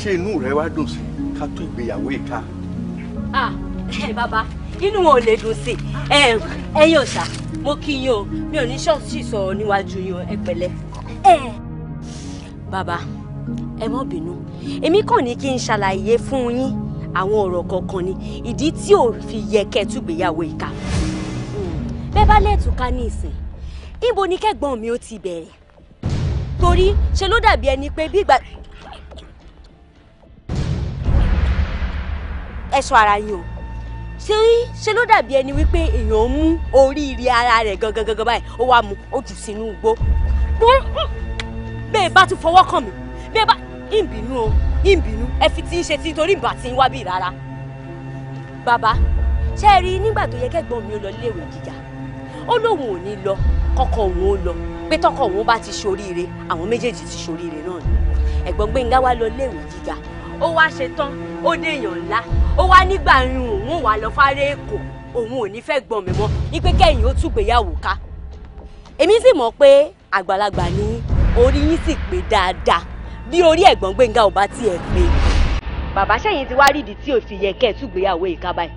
ṣé inú rẹ wá dùn sí ká tó ìgbéyàwó ìka. ah ẹ bàbá inú wọn ò lè dùn sí ẹ̀yin ọ̀sà mo kí yín o mi ò ní ṣọ́ọ̀ṣì sọ̀rọ̀ níwájú yín ẹ bàbá ẹ má bínú èmi kàn ní kí n ṣàlàyé fún yín àwọn ọ̀rọ̀ kọ̀ọ̀kan ni ìdí tí ò fi yẹ kẹ́ túgbéyàwó ìka hmm. bẹ́ẹ̀ bá lẹ́ẹ̀tùká ní ìsìn níbo ni kẹ́gbọ́n mi ó ti bẹ̀rẹ̀ torí ṣe ló dàbí ẹni pé bí ìgbà ẹ̀ṣọ́ ara yín o ṣé ṣe ló dàbí ẹni wípé èèyàn ń mú oríire ara rẹ̀ gangan báyìí ó wàá mú ó jù sínú igbó hmm, bẹ́ẹ̀ bá tún fọwọ́ kàn mí bẹ́ẹ̀ bá ń bínú o ìbínú ẹ fi ti ń ṣe ti torí ìbá ti ń wá bí rárá. bàbá ṣe é rí nígbà tó yẹ kẹ́gbọ́n mi ó lọ iléèwé gíga ó lóun ò ní lọ kọ́kọ́ òun ó lọ pé tọ́kọ̀ òun bá ti ṣoríire àwọn méjèèjì ti ṣoríire náà ni ẹ̀gbọ́n Gbẹ́ngà wá lọ iléèwé gíga ó wá ṣe tán ó déèyàn ńlá ó wá nígbà irun òun wà lọ fárẹ́ èkó òun ò ní fẹ́ gbọ́n mi mọ́ ní pé kẹ́yìn ó túgbéyàwó ká èmi sì mọ̀ pé àgbàlagbà ni orí yín sì pé dáadáa bí orí ẹ̀gbọ́n Gbénga ò bá tiẹ̀ pé bàbá sẹ́yìn ti wá rídìí tí ò fi yẹ kẹ́ ẹ̀ túgbéyàwó ìka báyìí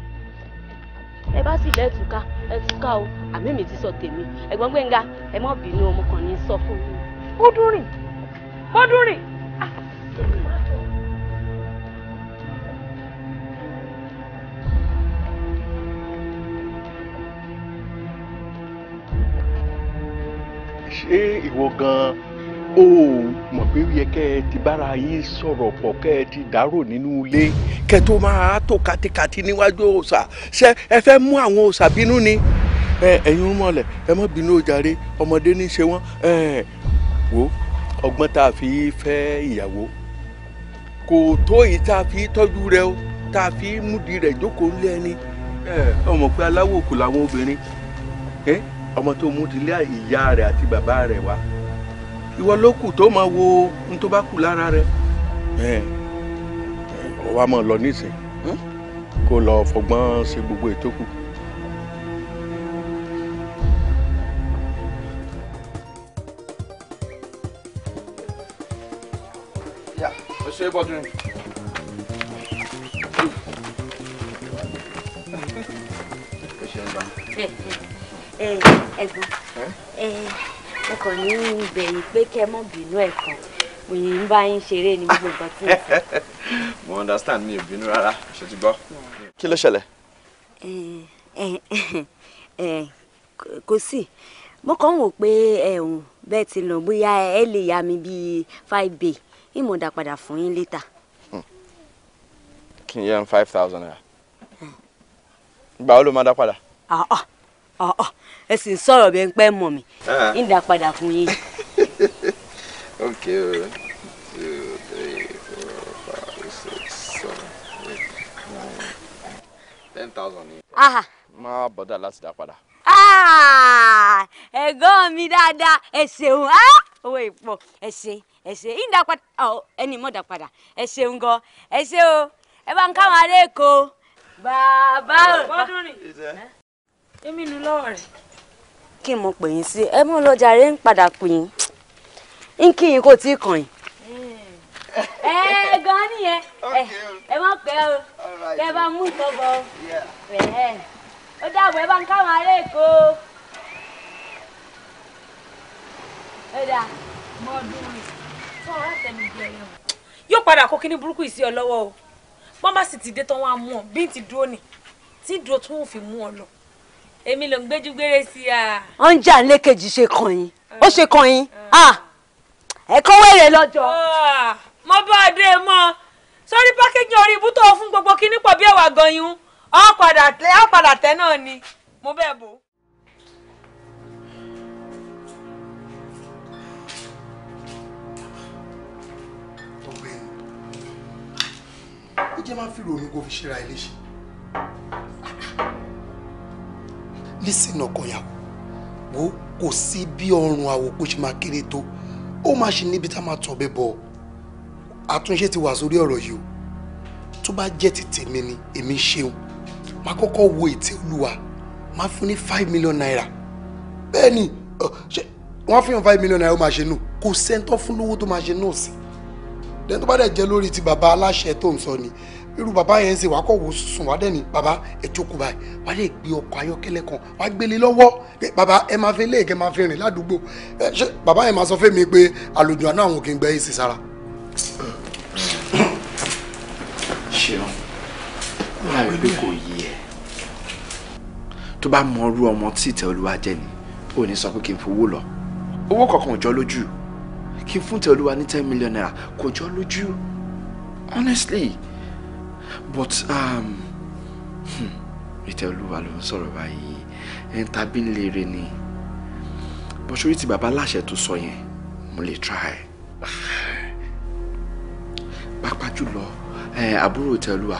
ẹ bá sì lẹ́tùká ẹtùká o àmì mi ti sọ tèmi ẹ̀gbọ́n Gbénga ẹ má bínú ọmọ kan ní sọ fún mi. ó dún rìn ó dún rìn. Ah. ṣé ìwọ gan-an o mọ̀ pé yẹ kẹ́ ẹ ti bára yín sọ̀rọ̀ pọ̀ kẹ́ ẹ ti dárò nínú ilé kẹ́ ẹ tó máa tó katikati níwájú òòṣà ṣé ẹ fẹ́ mú àwọn òòṣà bínú ni ẹ̀yin ń mọ̀lẹ̀ ẹ má bínú o jàre ọmọdé ní í ṣe wọ́n wo ọgbọ́n tá a fi fẹ́ ìyàwó kò tó yìí tá a fi tọ́jú rẹ o tá a fi múdi rẹ jókòó lé ẹni ọmọ pé aláwọ̀ òkú làwọn obìnrin ọmọ tó múdi lé ìyá rẹ àti bàbá rẹ wá ìwọ ló kù tó máa wo ohun tó bá kù lára rẹ ọ wa máa lọ nísìn kó lọ fọgbọ́n ṣe gbogbo ètò kù. ṣe é bọ́dún. ẹ ẹ ẹ̀gbọ́n ẹ mo kàn ní ìbẹ̀yìn pé kẹ́ mọ́ bínú ẹ̀ kan mo ń bá yín ṣeré ní gbogbo nǹkan tí mo sọ. mo understand mi ò bínú rárá ṣe ti gbọ́. kí ló ṣẹlẹ̀. kò sí mo kàn ń wò pé ẹ̀hún bẹ́ẹ̀ ti lọ bóyá ẹ lè yá mi bíi five bay ìmọ̀ọ́dà padà fún yín létà. Hmm. kí n yẹ n five thousand naira. ìgbà wo ló máa dá padà. Ah, ah, ah, ẹ sì ń sọ̀rọ̀ bẹ́ẹ̀ ń pẹ́ mọ̀ mi ah. ń dà padà fún yín. okay o two three four five six seven eight nine ten thousand ni. má bọ̀dá láti dá padà. Ah! ẹ̀gbọ́n mi dáadáa ẹ ṣeun ah! owó ìpọ̀ ẹ ṣe ẹ ṣe ń dá padà ẹni mọ̀ dá padà ẹ ṣeun gan ẹ ṣe o ẹ bá ń káwọn ará èkó bàbá ò. èmi nu lọ́wọ́ rẹ̀ kí n mọ pè yín sí ẹ mú lọ́jà rẹ̀ ń padà pè yín ń kí yín kò tí ì kàn yín. ẹ gan nìyẹn ẹ má pẹ́ o kẹ́ bá mú nǹkan bọ̀ ó dàbọ̀ ẹ bá ń káwọn ará èkó ó dà mọ́ ọdún rẹ̀ tó ọ̀rọ̀ àtẹ̀mí di ẹ̀yẹ̀ o. yóò padà kó kíní burúkú yìí sí ọ lọ́wọ́ o bọ́n bá sì ti dé tán wọn á mú ọ bí ti dúró nì tí dúró tó fi mú ọ lọ èmi ló ń gbéjú gbére sí i. ó ń jà lékejì ṣe kàn yín ó ṣe kàn yín ẹ̀kọ́ wẹ̀rẹ̀ lọ́jọ́. mo bá a dé mọ́ sórí pákéjì orí ibú tó fún gbogbo kíní pọ̀ bí ẹ̀wà gan-an ọ̀ padà tẹ́ náà ni mo bẹ́ẹ̀ bò. ó jẹ́ máa ń fi ròyìn kó fi ṣera ilé ṣe lísìn ọkọ ìyàwó wo kò sí bí ọrùn àwòkù ṣe máa kéré tó ó máa ṣe níbi tá a máa tọ̀bẹ bọ̀ àtúnṣe ti wà sórí ọ̀rọ̀ yìí o tó bá jẹ́ ti tèmi ni èmi ń ṣeun máa kọ́kọ́ wo ètè olúwa máa fún ní five million naira bẹ́ẹ̀ ni wọ́n fi hàn five million naira ó máa ṣe nù kò sẹ́ńtọ́ fún lówó tó máa ṣe nù sí lẹ́nu tó bá dẹ̀ jẹ́ lórí ti bàbá aláṣẹ tó ń sọ ni irú bàbá yẹn ń ṣe wàá kọ̀ wò sùn wá dẹ́ni bàbá ẹ jókòó báyìí wàá lè gbé ọkọ̀ ayọ́kẹ́lẹ́ kan wàá gbélé lọ́wọ́ bàbá ẹ máa fẹ́ léèké máa fẹ́ rìn ládùúgbò ṣé bàbá yẹn máa sọ fún mi pé àlòjù àná àwọn kì í gbẹ́ èsì sára. ṣeun láì pé kò yí ẹ tó bá mọ irú ọmọ tí ìtẹ́ olúwa jẹ́ ni ò ní sọ pé kí n fowó lọ owó kankan ò jọ lójú kí n fún ìtẹ́ olúwa ní ten million naira kò jọ lójú honestly but ìtẹ̀olúwa um, hmm, ló ń sọ̀rọ̀ báyìí ẹ̀ ń tàbí ń lere ni bó ṣe orí ti bàbá láṣẹ tó sọ yẹn mo lè try pápá jùlọ àbúrò ìtẹ̀olúwa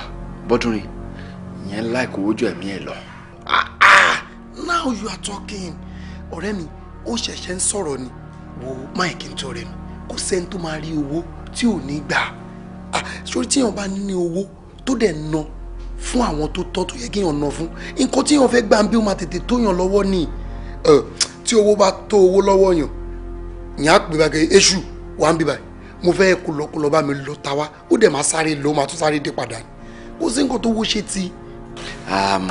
bọ́dúnrin ìyẹn láìkó ojú ẹ̀mí ẹ̀ lọ. Ah, ah, now you are talking ọ̀rẹ́ mi ó ṣẹ̀ṣẹ̀ ń sọ̀rọ̀ ni wo máìkì ń tọrẹ mi kò sẹ́ni tó máa rí owó tí ò ní gbà sórí ah, tíyàn bá ní owó tó dẹ̀ na fún àwọn tó tọ́ tó yẹ kí yàn na fún nǹkan tí yàn fẹ́ gbà ń bí ó máa tètè tó yàn lọ́wọ́ ni tí owó bá tó owó lọ́wọ́ yàn yàn á pè bá kẹ́ eṣù wà ń bí báyìí mo fẹ́ kólọ́kólọ́ bá mi lọ ta wá ó dẹ̀ máa sáré lọ máa tún sáré dé padà ni sí nǹkan tó wó ṣe ti. Um,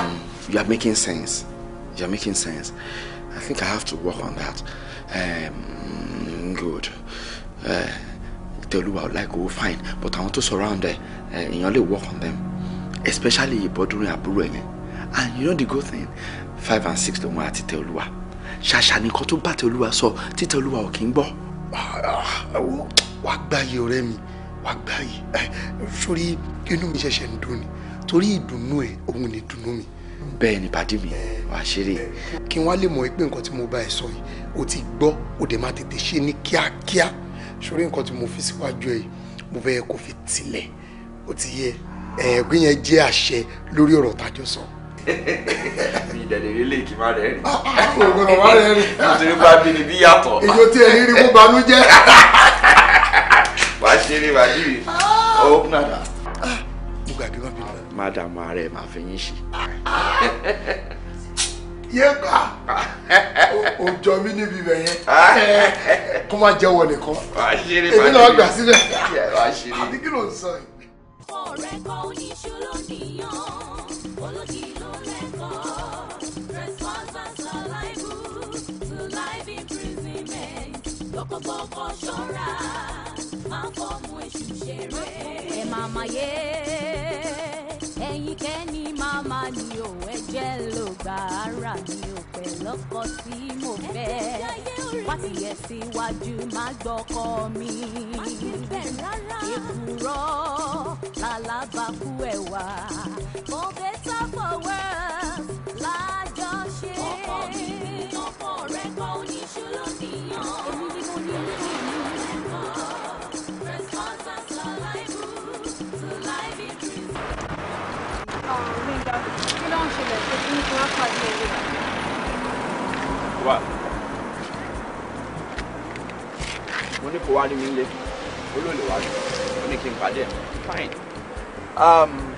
you are making sense you are making sense I think I have to work on that um, good. Uh, tẹ́olúwa ò like owó oh, fine but àwọn tó surround ẹ èèyàn lè work on them especially ìbọ́dúnrin àbúrò ẹ̀yẹn and you know the good thing five and six lòun àti tẹ́olúwa ṣàṣà nìkan tó bá tẹ́olúwa sọ tí tẹ́olúwa ò kí ń gbọ́. wàá gbáyé ọ̀rẹ́ mi wàá gbáyé sórí inú mi ṣẹ̀ṣẹ̀ ń dùn ni torí ìdùnnú ẹ̀ òun ni ìdùnnú mi bẹ́ẹ̀ ni pàdé mi wàá ṣeré. kí n wá lè mọ̀ pé nǹkan tí mo bá ẹ sọ yìí o ti gbọ́ o dẹ̀ máa tètè ṣe ní kíákíá sórí nǹkan tí mo fi síwájú ẹ mo fẹ́ kó fi tilẹ̀ ó ti yẹ ẹ̀ẹ́gbìn yẹn jẹ́ àṣẹ lórí ọ̀rọ̀ tàjọ sọ. mi ìdẹ̀lẹ̀ ilé kì í má rẹ̀ rìn. ògùn ọ̀wá rẹ̀ rìn. nítorí bá bí ni bí yàtọ̀. èyí tí ẹ rírí mú banújẹ́. wàá ṣe eré wàá yìí ó nàdà. mo gbàgbé wọn bí. má dààmú ara ẹ máa fi yín ṣe. Ah yéka òjò mi níbi ibẹ̀ yẹn kó má jẹ́ wọlé kan èmi náà gbà síbẹ̀ àbí kí ló ń sọ yìí. ọ̀rẹ́ kọ́ máa fọ́ọ̀mù ẹ̀yin kẹ́ni ni o ẹ̀jẹ̀ ló gba ara mi ò pẹ́ lọ́kọ tí mo fẹ́ wá tiẹ̀ síwájú má gbọ́kọ mi èkùrọ́ lálábàkú ẹ̀wà mo fẹ́ sápọ̀ wẹ́ẹ̀ lájọṣe. ọkọ mi ni ọkọ rẹ kọ́ oníṣu ló nìyàn. èmi ni mo ní ìlú mi. response wa mo ní kó wá rí mi lé olóòlè wá rí mo ní fine. Um,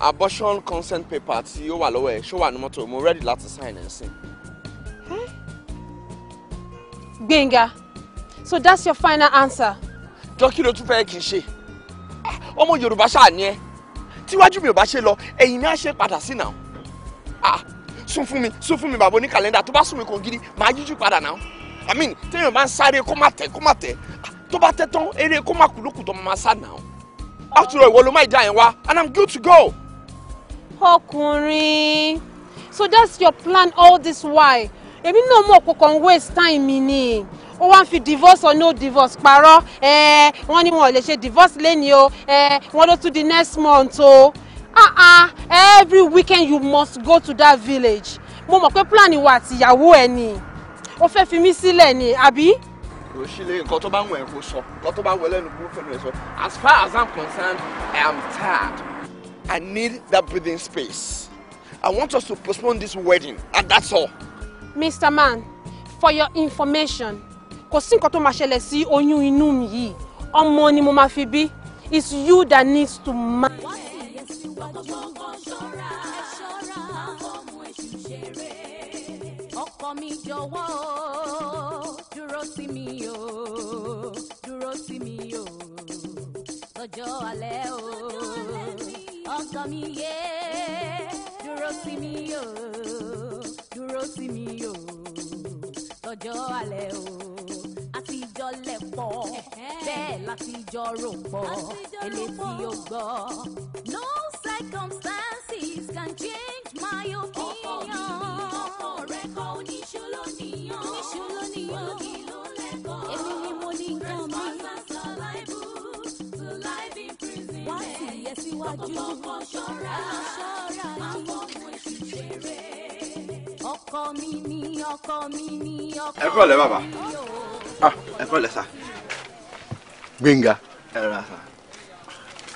abortion consent paper tí ó wà lọ́wọ́ ẹ̀ ṣó wà ní mo ready láti sign ẹ̀ sí. Gbénga so that's your final answer. jọ́ kí ló tún fẹ́ kí n ṣe ọmọ Yorùbá ṣáà ni ẹ́ tíwájú mi ò bá ṣe lọ ẹ̀yìn mi á ṣe padà sí náà ah sún fún mi sún fún mi bàbá oní kàlẹ́ndà tó bá sún mi kò gidi màá yíjú padà náà i mean téèyàn bá ń sáré kó má tẹ kó má tẹ ah, tó bá tẹ tán eré kó má kúlókù tó máa sá náà after all ìwọ ló má ìjà yẹn wá and i'm good to go. ọkùnrin so that's your plan all this while èmi náà mọ̀ kó kàn waste time mi ni ó wá ń fi divorce or no divorce parọ́ ẹ wọ́n ní wọn ò lè ṣe divorce lẹ́ni o ẹ wọ́n ló tún di next month o ah ah every weekend you must go to that village mo mọ̀ pé plan ìwà àtìyàwó ẹ ni ó fẹ́ fi mí sílẹ̀ ni àbí. kò sílé nǹkan tó bá ń wọ̀ ẹ́ kó sọ nǹkan tó bá wọ lẹ́nu kó fẹ́nu ẹ̀ sọ as far as i'm concerned I'm tired i need that breathing space i want us to postpone this wedding and that's all. mr man for your information kò sí nǹkan tó máa ṣẹlẹ̀ sí oyún inú mi yìí ọmọ ni mo máa fi bí it's you that needs to marry. ọkọ mi jọ̀wọ́ dúró sí mi o dúró sí mi o lọ́jọ́ alẹ́ o ọkọ mi yé dúró sí mi o dúró sí mi o lọ́jọ́ alẹ́ o àtijọ́ lẹ̀pọ̀ bẹ́ẹ̀ látijọ́ rò pọ̀ èlé tí yóò gbọ́. no circumstances can change my opinion. ọkọ rẹ kọ oníṣòro lóníyàn oníṣòro lóníyàn ológi ló lẹ́kọ̀ọ́ èmi ni mo ní nǹkan mi. wá sí ìyẹsíwájú ọkọ̀ ṣọ́ra àwọn ọmọ èṣù ṣeré ọkọ mi ni ọkọ mi ni ọkọ mi ni. Ah, ẹ kọ́ lẹ bàbá ẹ kọ́ lẹ sà. gbẹ̀ngà. ẹ rà sà.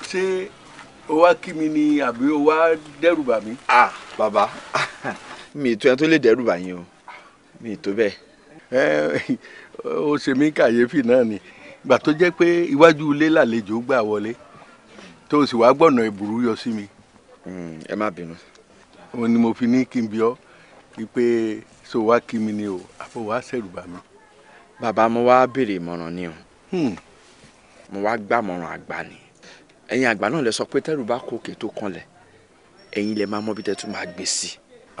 ṣé o wá kí mi ni àbí o wá dẹ́rù bà ah bàbá mi ì tó yẹn tó lè dẹ́rù yín o mi ì tó bẹ́ẹ̀. ẹ o ṣe mí kàyéfì náà ni gbà tó jẹ́ pé iwájú ilé làlejò gbà wọlé tó o sì wá gbọ̀nà ìbùrú yọ sí mi. Hmm, ẹ má bínú. òun ni mo fi ní kí n bí ọ wípé so wá kí mi ni o àfọ wá ṣẹ̀rù bà mí. bàbá mo wá béèrè ìmọ̀ràn ni o hmm. mo wá gbàmọ̀ràn àgbà ni ẹ̀yin àgbà náà lè sọ pé tẹ́rù bá kó òkè tó kanlẹ̀ ẹ̀yin lè máa mọ bí tẹ́tù máa gbé sí.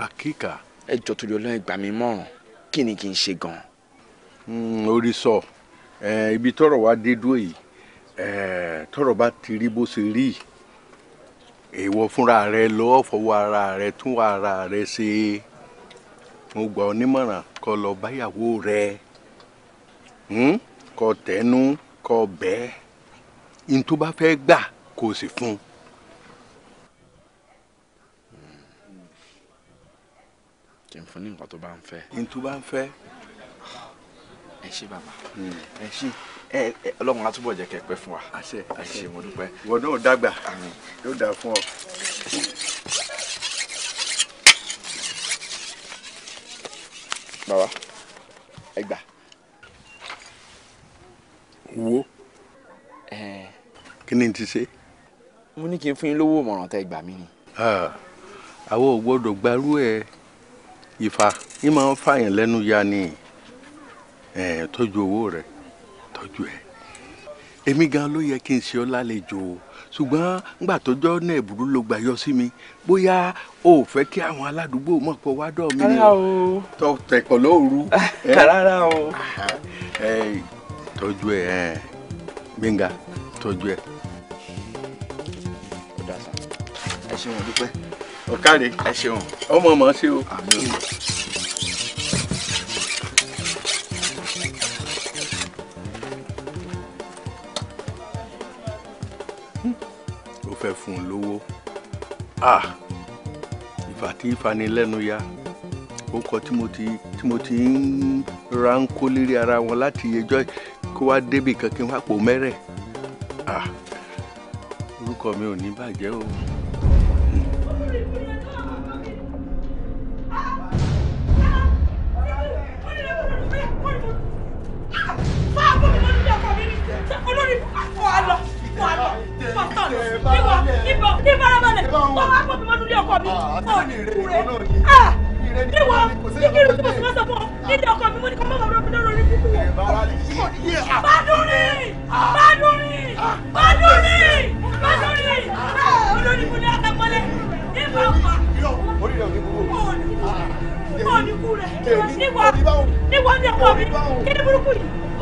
àkíkà. ẹ jọ torí ọlọ́run ìgbà mi mọ̀ràn kí ni kí n ṣe gan. Hmm, orí sọ ibi tọ́rọ̀ wá dé dúró yìí tọ́rọ̀ bá ti rí bó ṣe rí èèwọ̀ fúnra rẹ lọ́wọ́ fọwọ́ ara rẹ tún ara rẹ ṣe é mo gbà ọ nímọ̀ràn kó lọ báyàwó rẹ hmm? kó tẹnu kó bẹ́ẹ̀ n tó bá fẹ́ gbà kó o sì fún un. kì í fún ní nǹkan tó bá ń fẹ́. n tó bá ń fẹ́. ẹ ṣé bàbá hmm. ẹ ṣé ẹ ọlọ́run á jẹ́ kẹ́ ẹ pẹ́ fún wa. àṣẹ àṣẹ mo dúpẹ́. ìwọ náà dàgbà yóò dáa fún ọ. bàbá ẹ gbà. wo kí ni n ti ṣe. mo ní kí n fún yín lówó ìmọ̀ràn tẹ́ gbà mí ni. àwọn ò gbọ́dọ̀ gbarú ẹ̀ ìfà yín máa ń fààyàn lẹ́nu ya ni tọ́jú owó rẹ̀ tọ́jú ẹ̀ èmi gan ló yẹ kí n ṣe ọ́ lálejò o ṣùgbọ́n ngbà tọ́jọ́ náà ìbúrú ló gbà yọ sí mi bóyá o ò fẹ́ kí àwọn aládùúgbò mọ̀ pé wá dọ̀ mí ni tọ tẹ̀kọ̀ lóru. rárá o. tọ́jú ẹ Gbénga tọ́jú ẹ. ẹ ṣeun dúpẹ́. ọ̀kàrẹ̀ ẹ ṣeun ọmọ ọmọ ṣe o. fẹ́ fún un lówó ah ìfà tí ìfanilẹ́nu ya ó kọ tí mo ti tí mo ti ń ra ń kó lérí ara wọn láti ẹjọ́ kó wá débì kan wá pò mẹ́rẹ̀ ah orúkọ mi ò ní bàjẹ́ o. olórí àpò àlọ́ fún àlọ́ fún àtọ̀nù níbo níbo níbo arábàlẹ̀ wọ́n wá pọ̀ mímọ́ nílé ọkọ mi ọ̀ kúrẹ́ níwọ̀ kíkiri tí mo sì máa sọ fún ọ nílé ọkọ mi mo ní kọ́ mọ́ bàbá mi lọ́rọ̀ ní kúkú wọ̀. Bádúrì Bádúrì Bádúrì Bádúrì olórí mo ní akápọ́lẹ̀ níbo ọkọ̀ òní kú rẹ̀ níwọ̀ níwọ̀ ní ọkọ mi kí ni burúkú yìí.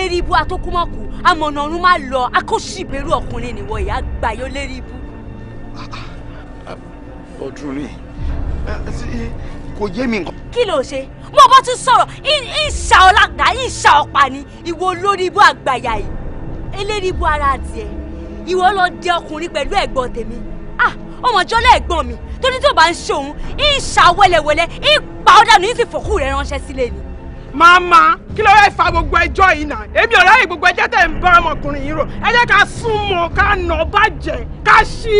lérí ibú atókùmọ̀kù amọ̀nà ọ̀run máa lọ akóṣìbẹ̀rù ọkùnrin nìwọ ìyá gbàyọ lérí ibú. ọdún rìn kò yé mi nǹkan. kí ló ṣe mo bá tún sọ̀rọ̀ ìṣà ọ̀làgbà ìṣà ọ̀pá ni ìwọ olórí ibú àgbàyà yìí eléri ibú ara tiẹ̀ ìwọ lọ jẹ ọkùnrin pẹ̀lú ẹ̀gbọ́n tèmi ọmọjọ́lẹ̀ ẹ̀gbọ́n mi tó ní tó bá ń ṣe òun ìṣà wẹ́lẹ́wẹ́lẹ́ ìpa ọ̀dà ní ti fòkú rẹ̀ ránṣẹ́ sílé ni. màmá kí ló rẹ̀ fa gbogbo ẹjọ́ yìí náà èmi ò ráyè gbogbo ẹjẹ́ tẹ̀ ń bá ọmọkùnrin yìí rò ẹ jẹ́ ká sún mọ́ ká nà bàjẹ́ ká ṣí.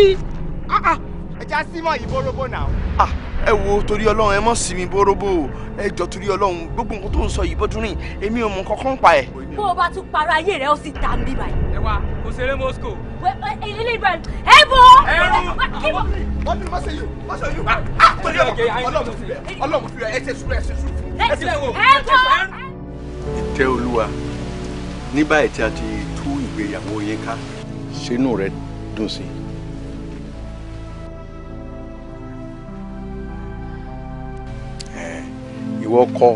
Ah, ah. ẹ já sí mọ́ yìí bóróbó náà. Ah, ẹ wo torí ọlọ́run ẹ mọ̀ sí mi bóróbó ẹ jọ torí ọlọ́run gbogbo nǹkan tó ń sọ yìí bọ́dúnrín èmi ò mọ kankan pa ẹ̀. bó o bá tún para ayé rẹ ó sì ta ń bí báyìí. ẹ wá kò ṣeré moscow. ilé ẹ bọ. ẹ ẹ ṣe sùúrù ẹ ṣe sùúrù. ẹ bọ ìtẹ́ olúwa ní báyìí tí a ti tú ìgbéyàwó yín ká ṣínú rẹ dùn sí ìwọ kọ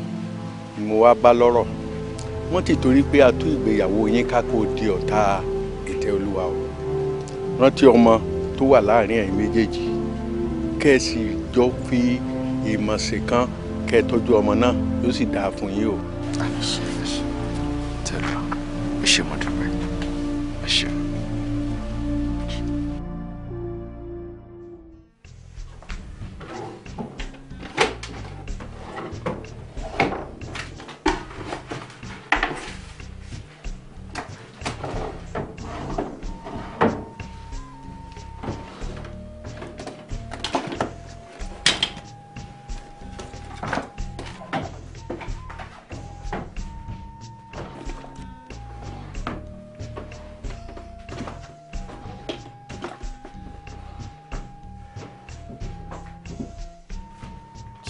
ni mo wá bá lọ́rọ̀ wọ́n ti torí pé a tú ìgbéyàwó yín ká kó di ọ̀tá ètè olúwa o rántí ọmọ tó wà láàrin ẹ̀yin méjèèjì kẹ́ ẹ sì jọ fi ìmọ̀ọ́sẹ̀ kan kẹ́ ẹ tọ́jú ọmọ náà yóò sì dáa fún yín o. Tẹ́lẹ̀, ẹ ṣe mo dúpẹ́, ẹ ṣeun.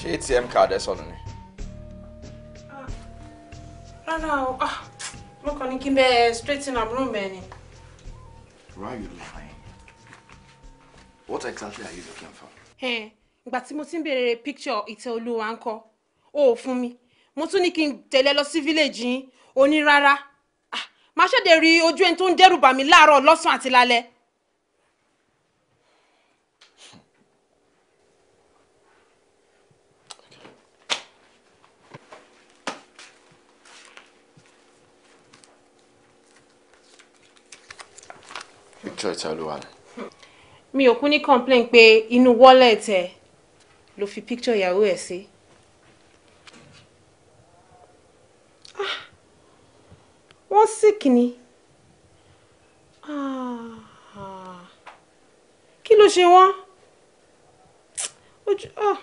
ṣé atm card ẹ sọnù ni. Ah, rárá o ah, mo kàn ní kí n bẹ straighten am room bẹ́ẹ̀ ni. why you lying what exactly are you looking for. ìgbà tí mo ti ń béèrè picture ìtẹ́ olúwa ń kọ́ o ò fún mi mo tún ní kí n tẹ̀lé lọ sí village yín onírárá ah, máa rí ojú ẹni tó ń dẹ́rù bà láàárọ̀ lọ́sàn-án àti lálẹ́. choice olúwa ni. mi ò kún ní complain pé inú wallet ẹ ló fi picture ìyàwó ẹ sí. Ah, wọ́n sick ni ah, kí ló ṣe wọ́n ojú ah,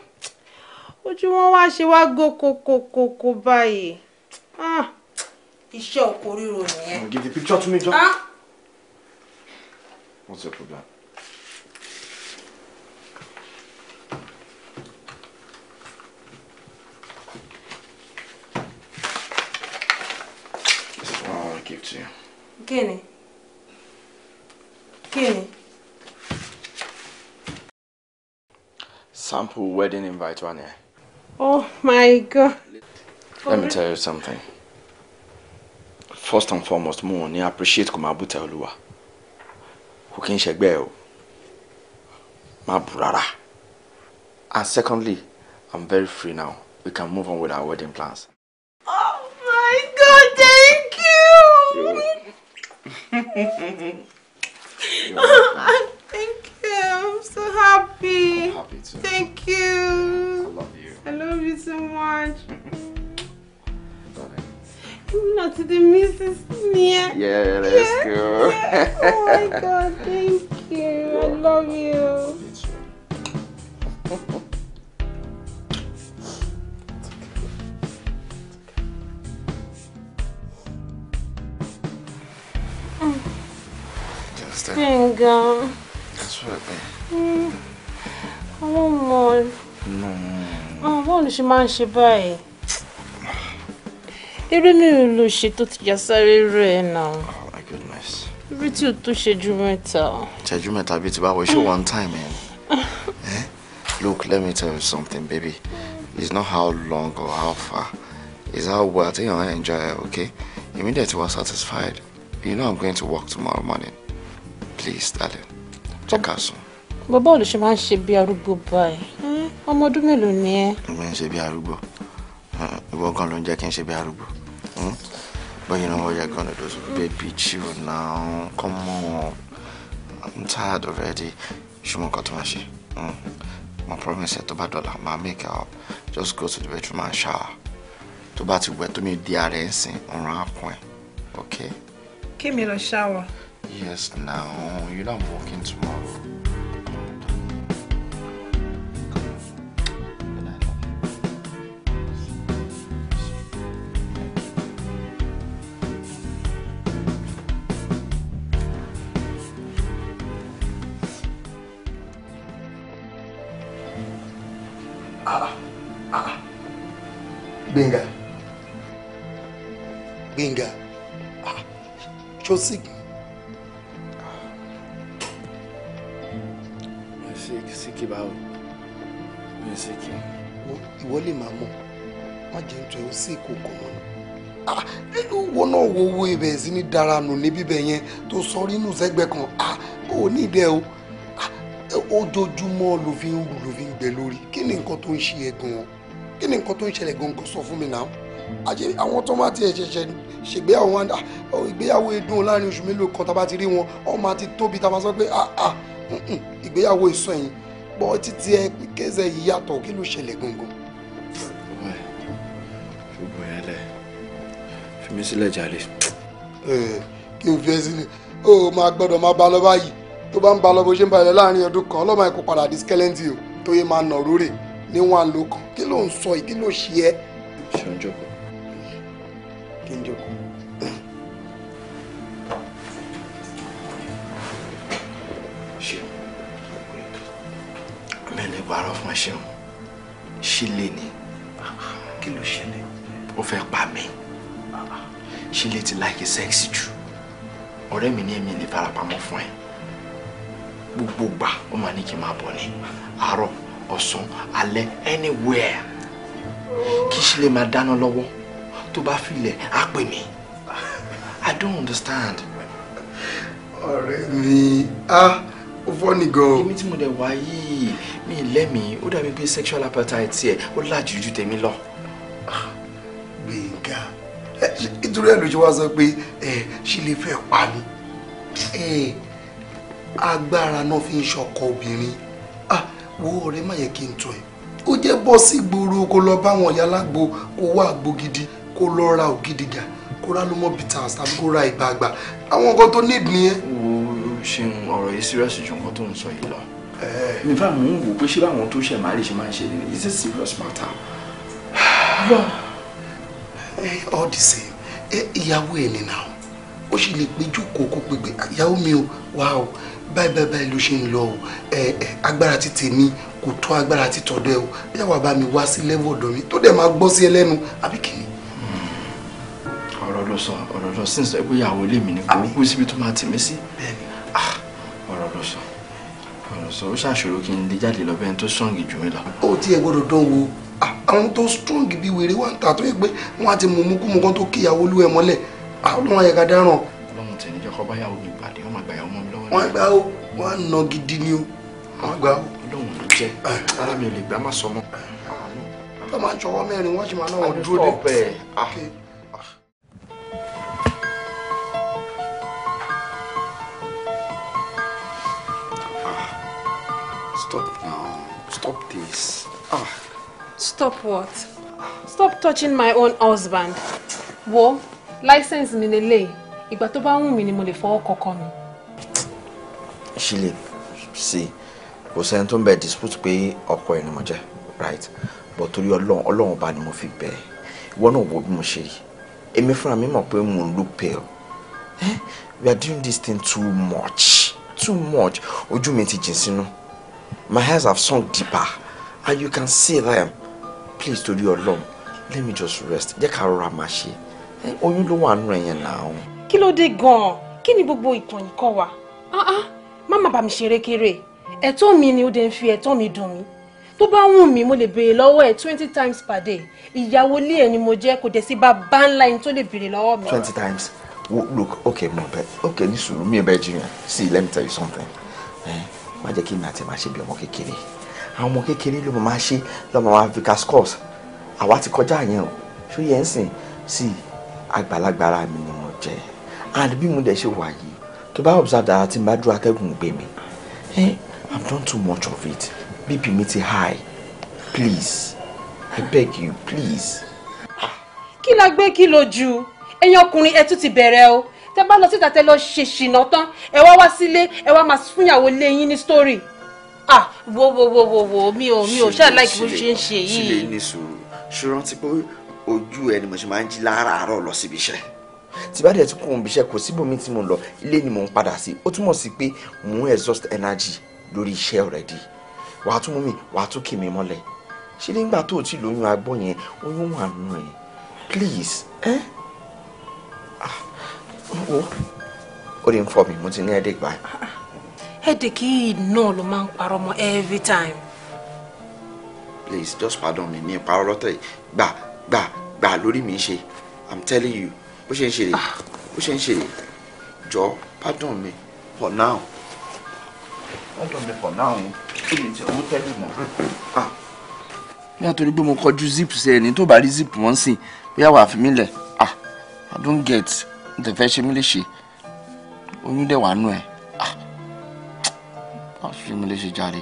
wọn wá ṣe wá gò kòkòkò báyìí iṣẹ́ òkò ríro nìyẹn. give the picture to me John. What's up with that? give to you. Kenny. Kenny. Sample wedding invite one here. Oh my god. Let me tell you something. First and foremost, mo I appreciate Kumabuta Olúwa kò kí n ṣẹgbẹ́ o má bù rárá and secondly i'm very free now we can move on with our wedding plans. oh my god thank you. thank you i'm so happy. i'm happy too. thank you. i love you. i love you so much. Not to the Mrs. Mia. Yeah, let's yes. go. Yes. Oh my God, thank you. I love you. Bingo. That's right, babe. Mm. I want more. No. Oh, why don't you mind your bite? eré mélòó ló ṣe tó ti já sáré rẹ̀ náà. oh my goodness. eré tí o tó ṣẹ́jú mẹ́ta. ṣẹ́jú mẹ́ta bíi ti báwo ṣé one time ẹ̀ eh? look let me tell you something baby it's not how long or how far it's how well I think I enjoy it okay immediately was satisfied you know I'm going to work tomorrow morning please darling check out soon. bàbá ò lè ṣe máa ń ṣe bí arúgbó báyìí eh, ọmọ ọdún mélòó ni ẹ. mo ń ṣe bí arúgbó eh, ìwọ gan ló ń jẹ́ kí n ṣe bí arúgbó. Hmm? But you know what you're gonna do? So baby, chill now. Come on. I'm tired already. Shumo Kotomashi. Mm. My promise is to bad dollar. My makeup. Just go to the bedroom and shower. To bad to wet to me DRNC on round point. Okay? Give me a shower. Yes, now. You don't walk in tomorrow. gbẹ̀ngà gbẹ̀ngà ah, ṣó sick. sick sick báwo mi sick. ìwọ lè máa mọ má jẹ́ ń tọ́ ẹ ó sì kó kọ̀ mọ́ ni wọn náà wo owó ibẹ̀ sí ní dara nù ní bíbẹ̀ yẹn tó sọ nínú sẹ́gbẹ́ kan ó ah, ní ìdẹ́ o ah, ojoojúmọ́ ló fi ń ló fi ń gbẹ lórí kí ni nǹkan tó ń ṣe ẹ gan-an kí ni nǹkan tó ń ṣẹlẹ̀ gangan sọ fún mi náà àti àwọn tó máa ti ṣẹ̀ṣẹ̀ ṣègbéyàwó wọn ìgbéyàwó edun láàrin oṣù mélòó kan tá a bá ti rí wọn wọn máa ti tóbi tá a máa sọ pé ah ah ìgbéyàwó èso ẹ̀yìn bọ́ títí ẹ kẹsẹ̀ yìí yàtọ̀ kí ló ṣẹlẹ̀ gangan. ṣùgbọ́n ẹ lẹ fi mí sílẹ̀ jàre. kí n fi ẹ sílẹ̀ o máa gbọ́dọ̀ máa ba lọ báyìí tó bá ń ba lọ bó ṣe ń ba ẹ láàrin ọdún kan ọlọ́mọ ní wọn àlò kan kí ló ń sọ yìí kí ló ṣe ẹ́. ṣé ń jókòó kí n jókòó. mẹ́ni wàárọ̀ fún ẹṣin ṣe lè ní kí ló ṣẹlẹ̀ ó fẹ́ pa mí ṣe lè ti láìkí sẹ́ẹ̀sì jù ọ̀rẹ́ mi ní èmi lè farapamọ́ fún ẹ gbogbo gbà ó máa ní kí n máa bọ̀ ní àárọ̀ ọ̀sán alẹ́ anywhere kí ṣe lè máa dáná lọ́wọ́ tó bá filẹ̀ á pè mí i don't understand. ọ̀rẹ́ mi á ó fọ́ni gan-an. èmi tí mo dẹ̀ wá yìí mi lẹ́mìí ó dàbí pé sexual appetite tiẹ̀ ó lájú ju tèmi lọ. gbẹ̀ngà nítorí ẹ̀ ló ṣe wá sọ pé ẹ ṣe lè fẹ́ pa ni agbára náà fi ń ṣọkọ obìnrin owó rẹ má yẹ kí n tọ ẹ kó jẹ́ bọ́ sí gbòòrò kó lọ báwọn ọ̀yà alágbo kó wá àgbo gidi kó lọ ra ògidì gà kó rà ló mọ́ bitters tàbí kó ra ìgbà àgbà àwọn nǹkan tó need nìyẹn. wo ṣe ọ̀rọ̀ yìí serious ju nǹkan tó ń sọ yìí lọ. mi bá mò ń wò pé ṣé báwọn tó ṣẹ̀ máa lè ṣe máa ṣe ni it's a serious matter. all the same ìyàwó ẹ̀ nìyàwó ó sì lè péjú kó kó pègbè ìyàwó mi ò wá o. Wow báyìí báyìí báyìí ló ṣe ń lọ o ẹ ẹ agbára ti tèmi kò tó agbára ti tọ̀dọ̀ ẹ o bí àwa bá mi wá sí level ọ̀dọ̀ mi tó dẹ̀ máa gbọ́ sí ẹ lẹ́nu àbí kìíní. Hmm, ọ̀rọ̀ ló sọ ọ̀rọ̀ ló sì ń sọ pé ìyàwó ilé mi ni kò kú síbi tó máa tì mí sí. Ah, ọ̀rọ̀ ló sọ ọ̀rọ̀ sọ ó ṣàṣòro kí n lè jáde lọ bẹ́ẹ̀ tó sọ̀ǹgì jù mí lọ. ó tiẹ̀ gbọ́dọ̀ dán wo ah, àwọn tó strong bíi wèrè wà ń ta tó yẹ pé wọ́n á ti mú mú kú mú kán tó kíyàwó olú ẹ̀ mọ́lẹ̀ ah, wọ́n gbá ó wọ́n á nà gidi ni ó wọ́n gbá ó. ọlọ́run ló jẹ́ ara mi ò lè gbá má sọ tó máa ń ṣọwọ́ mẹ́rin wọ́n sì máa náà dúró dé. Ah. Ah. Stop now. Stop this. Ah. Stop what? Stop touching my own husband. Wo, license mi lele. Ìgbà tó bá wù mí ni mo lè fọwọ́ kọ̀ọ̀kan mi she lè sí kò sẹ́ni tó ń bẹ dispute pé ọkọ ẹ̀ ni mo jẹ́ right but torí ọlọ́run ọlọ́run ọba ni mo fi bẹ̀ ẹ́ ìwọ náà wo bí mo ṣe rí èmi fúnra mi mọ̀ pé mo ń look pale eh we are doing this thing too much too much ojú mi ti jìn sínú my eyes have sunk deeper and you can see them please torí ọlọ́run let me just rest jẹ́ ká rọra máa ṣe eh, oyún ló wà nù ẹ̀yẹn náà. kí ló dé gan-an kí ni gbogbo ìkànnì kan wà má má bà mí ṣeré kéré ẹ̀tọ́ mi ni ó dẹ̀ ń fi ẹ̀tọ́ mi dùn mí tó bá wù mí mo lè béèrè lọ́wọ́ ẹ̀ twenty times per day ìyàwó ilé ẹ̀ ni mo jẹ́ kò dẹ̀ sí bàbá ńlá ẹni tó lè béèrè lọ́wọ́ mi. twenty times well, look okay mo bẹ okay ní sùúrù mi ò bẹ jiyàn see let me tell you something eh, má jẹ́ kí mi àti màá ṣe bí ọmọ kékeré àwọn ọmọ kékeré ló máa ṣe lọ́mọ wa vika scores àwa ti kọjá yẹn o ṣó yẹn ń sìn sí àgbàlagbà ara mi ni mo jẹ and bí mo dẹ̀ ṣe wà yìí tó bá observe that tí n bá dúró akẹ́gùn gbé mi eh, i'm done too much of it Be mi ti high please i beg you please. kí la gbé kí lójú ẹ̀yin ọkùnrin ẹ tún ti bẹ̀rẹ̀ o tẹ bá lọ síta tẹ lọ ṣe ṣìnà tán ẹ wá wá sílé ẹ wá máa fúnyàwó lé yín ní story ah wo wo wo wo wo mi ò mi ò ṣáà láì bó ṣe ń ṣe yìí. ṣe lè ní sùúrù ṣùgbọ́n ti pé ojú ẹ ni mo ṣe máa ń jí láràárọ̀ lọ síbi iṣẹ́ tí bá dẹ̀ tún kò ń bíṣẹ́ kò síbòmí tí mo lọ ilé ni mò ń padà sí ó túmọ̀ sí pé mò ń exhaust energy lórí iṣẹ́ already wàá tún mú mi wàá tún kì mí mọ́lẹ̀ ṣé nígbà tó o ti lóyún agbọ́ yẹn oyún wà nù ẹ̀ please ẹ́ ah, wo ó lè ń fọ mi mo ti ní headache báyìí. Ah, ah. headache yìí náà ló máa ń parọ́ mọ́ every time. please just pardon me mi ìparọ́ lọ́tọ̀ yìí gbà gbà gbà lórí mi ṣe i'm telling you bó ṣe ń ṣe rèé ah. bó ṣe ń ṣe rèé jọ pardon me for now pardon me for now kí ni ti owó tẹ́lẹ̀ mọ́. Ah. bí a torí pé mo kọjú zip sí ẹni tó bá rí zip wọ́n sìn bí àwọn àfi mi lẹ̀ ah i don't get the tẹ̀ fẹ́ ṣe mí léṣe oyún dẹ̀ wà nù ẹ̀ ah wọ́n fi mí léṣe jáde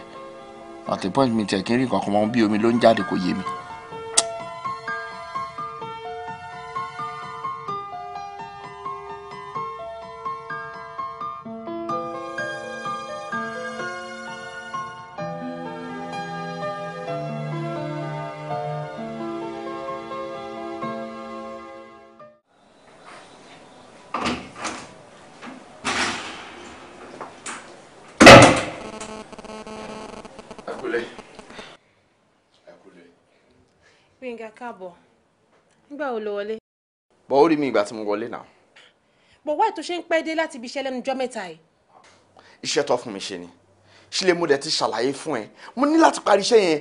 àtẹ̀pọ́ǹtì mi tẹ̀ kí n rí nǹkan kan mọ́ bí omi ló ń jáde kò yé mi. kúlẹ̀. ẹ kúlẹ̀. gbẹ̀ngà káàbọ̀ nígbà wo lo wọlé. bọ́ ó rí mi ìgbà tí mo wọlé náà. bọ̀ wáyé tó ṣe ń pẹ́ dé láti ibi iṣẹ́ lẹ́nu ọjọ́ mẹ́ta yìí. iṣẹ́ tó fún mi ṣe ni ṣílẹ̀ mo dẹ̀ ti ṣàlàyé fún ẹ mo ní láti parí iṣẹ́ yẹn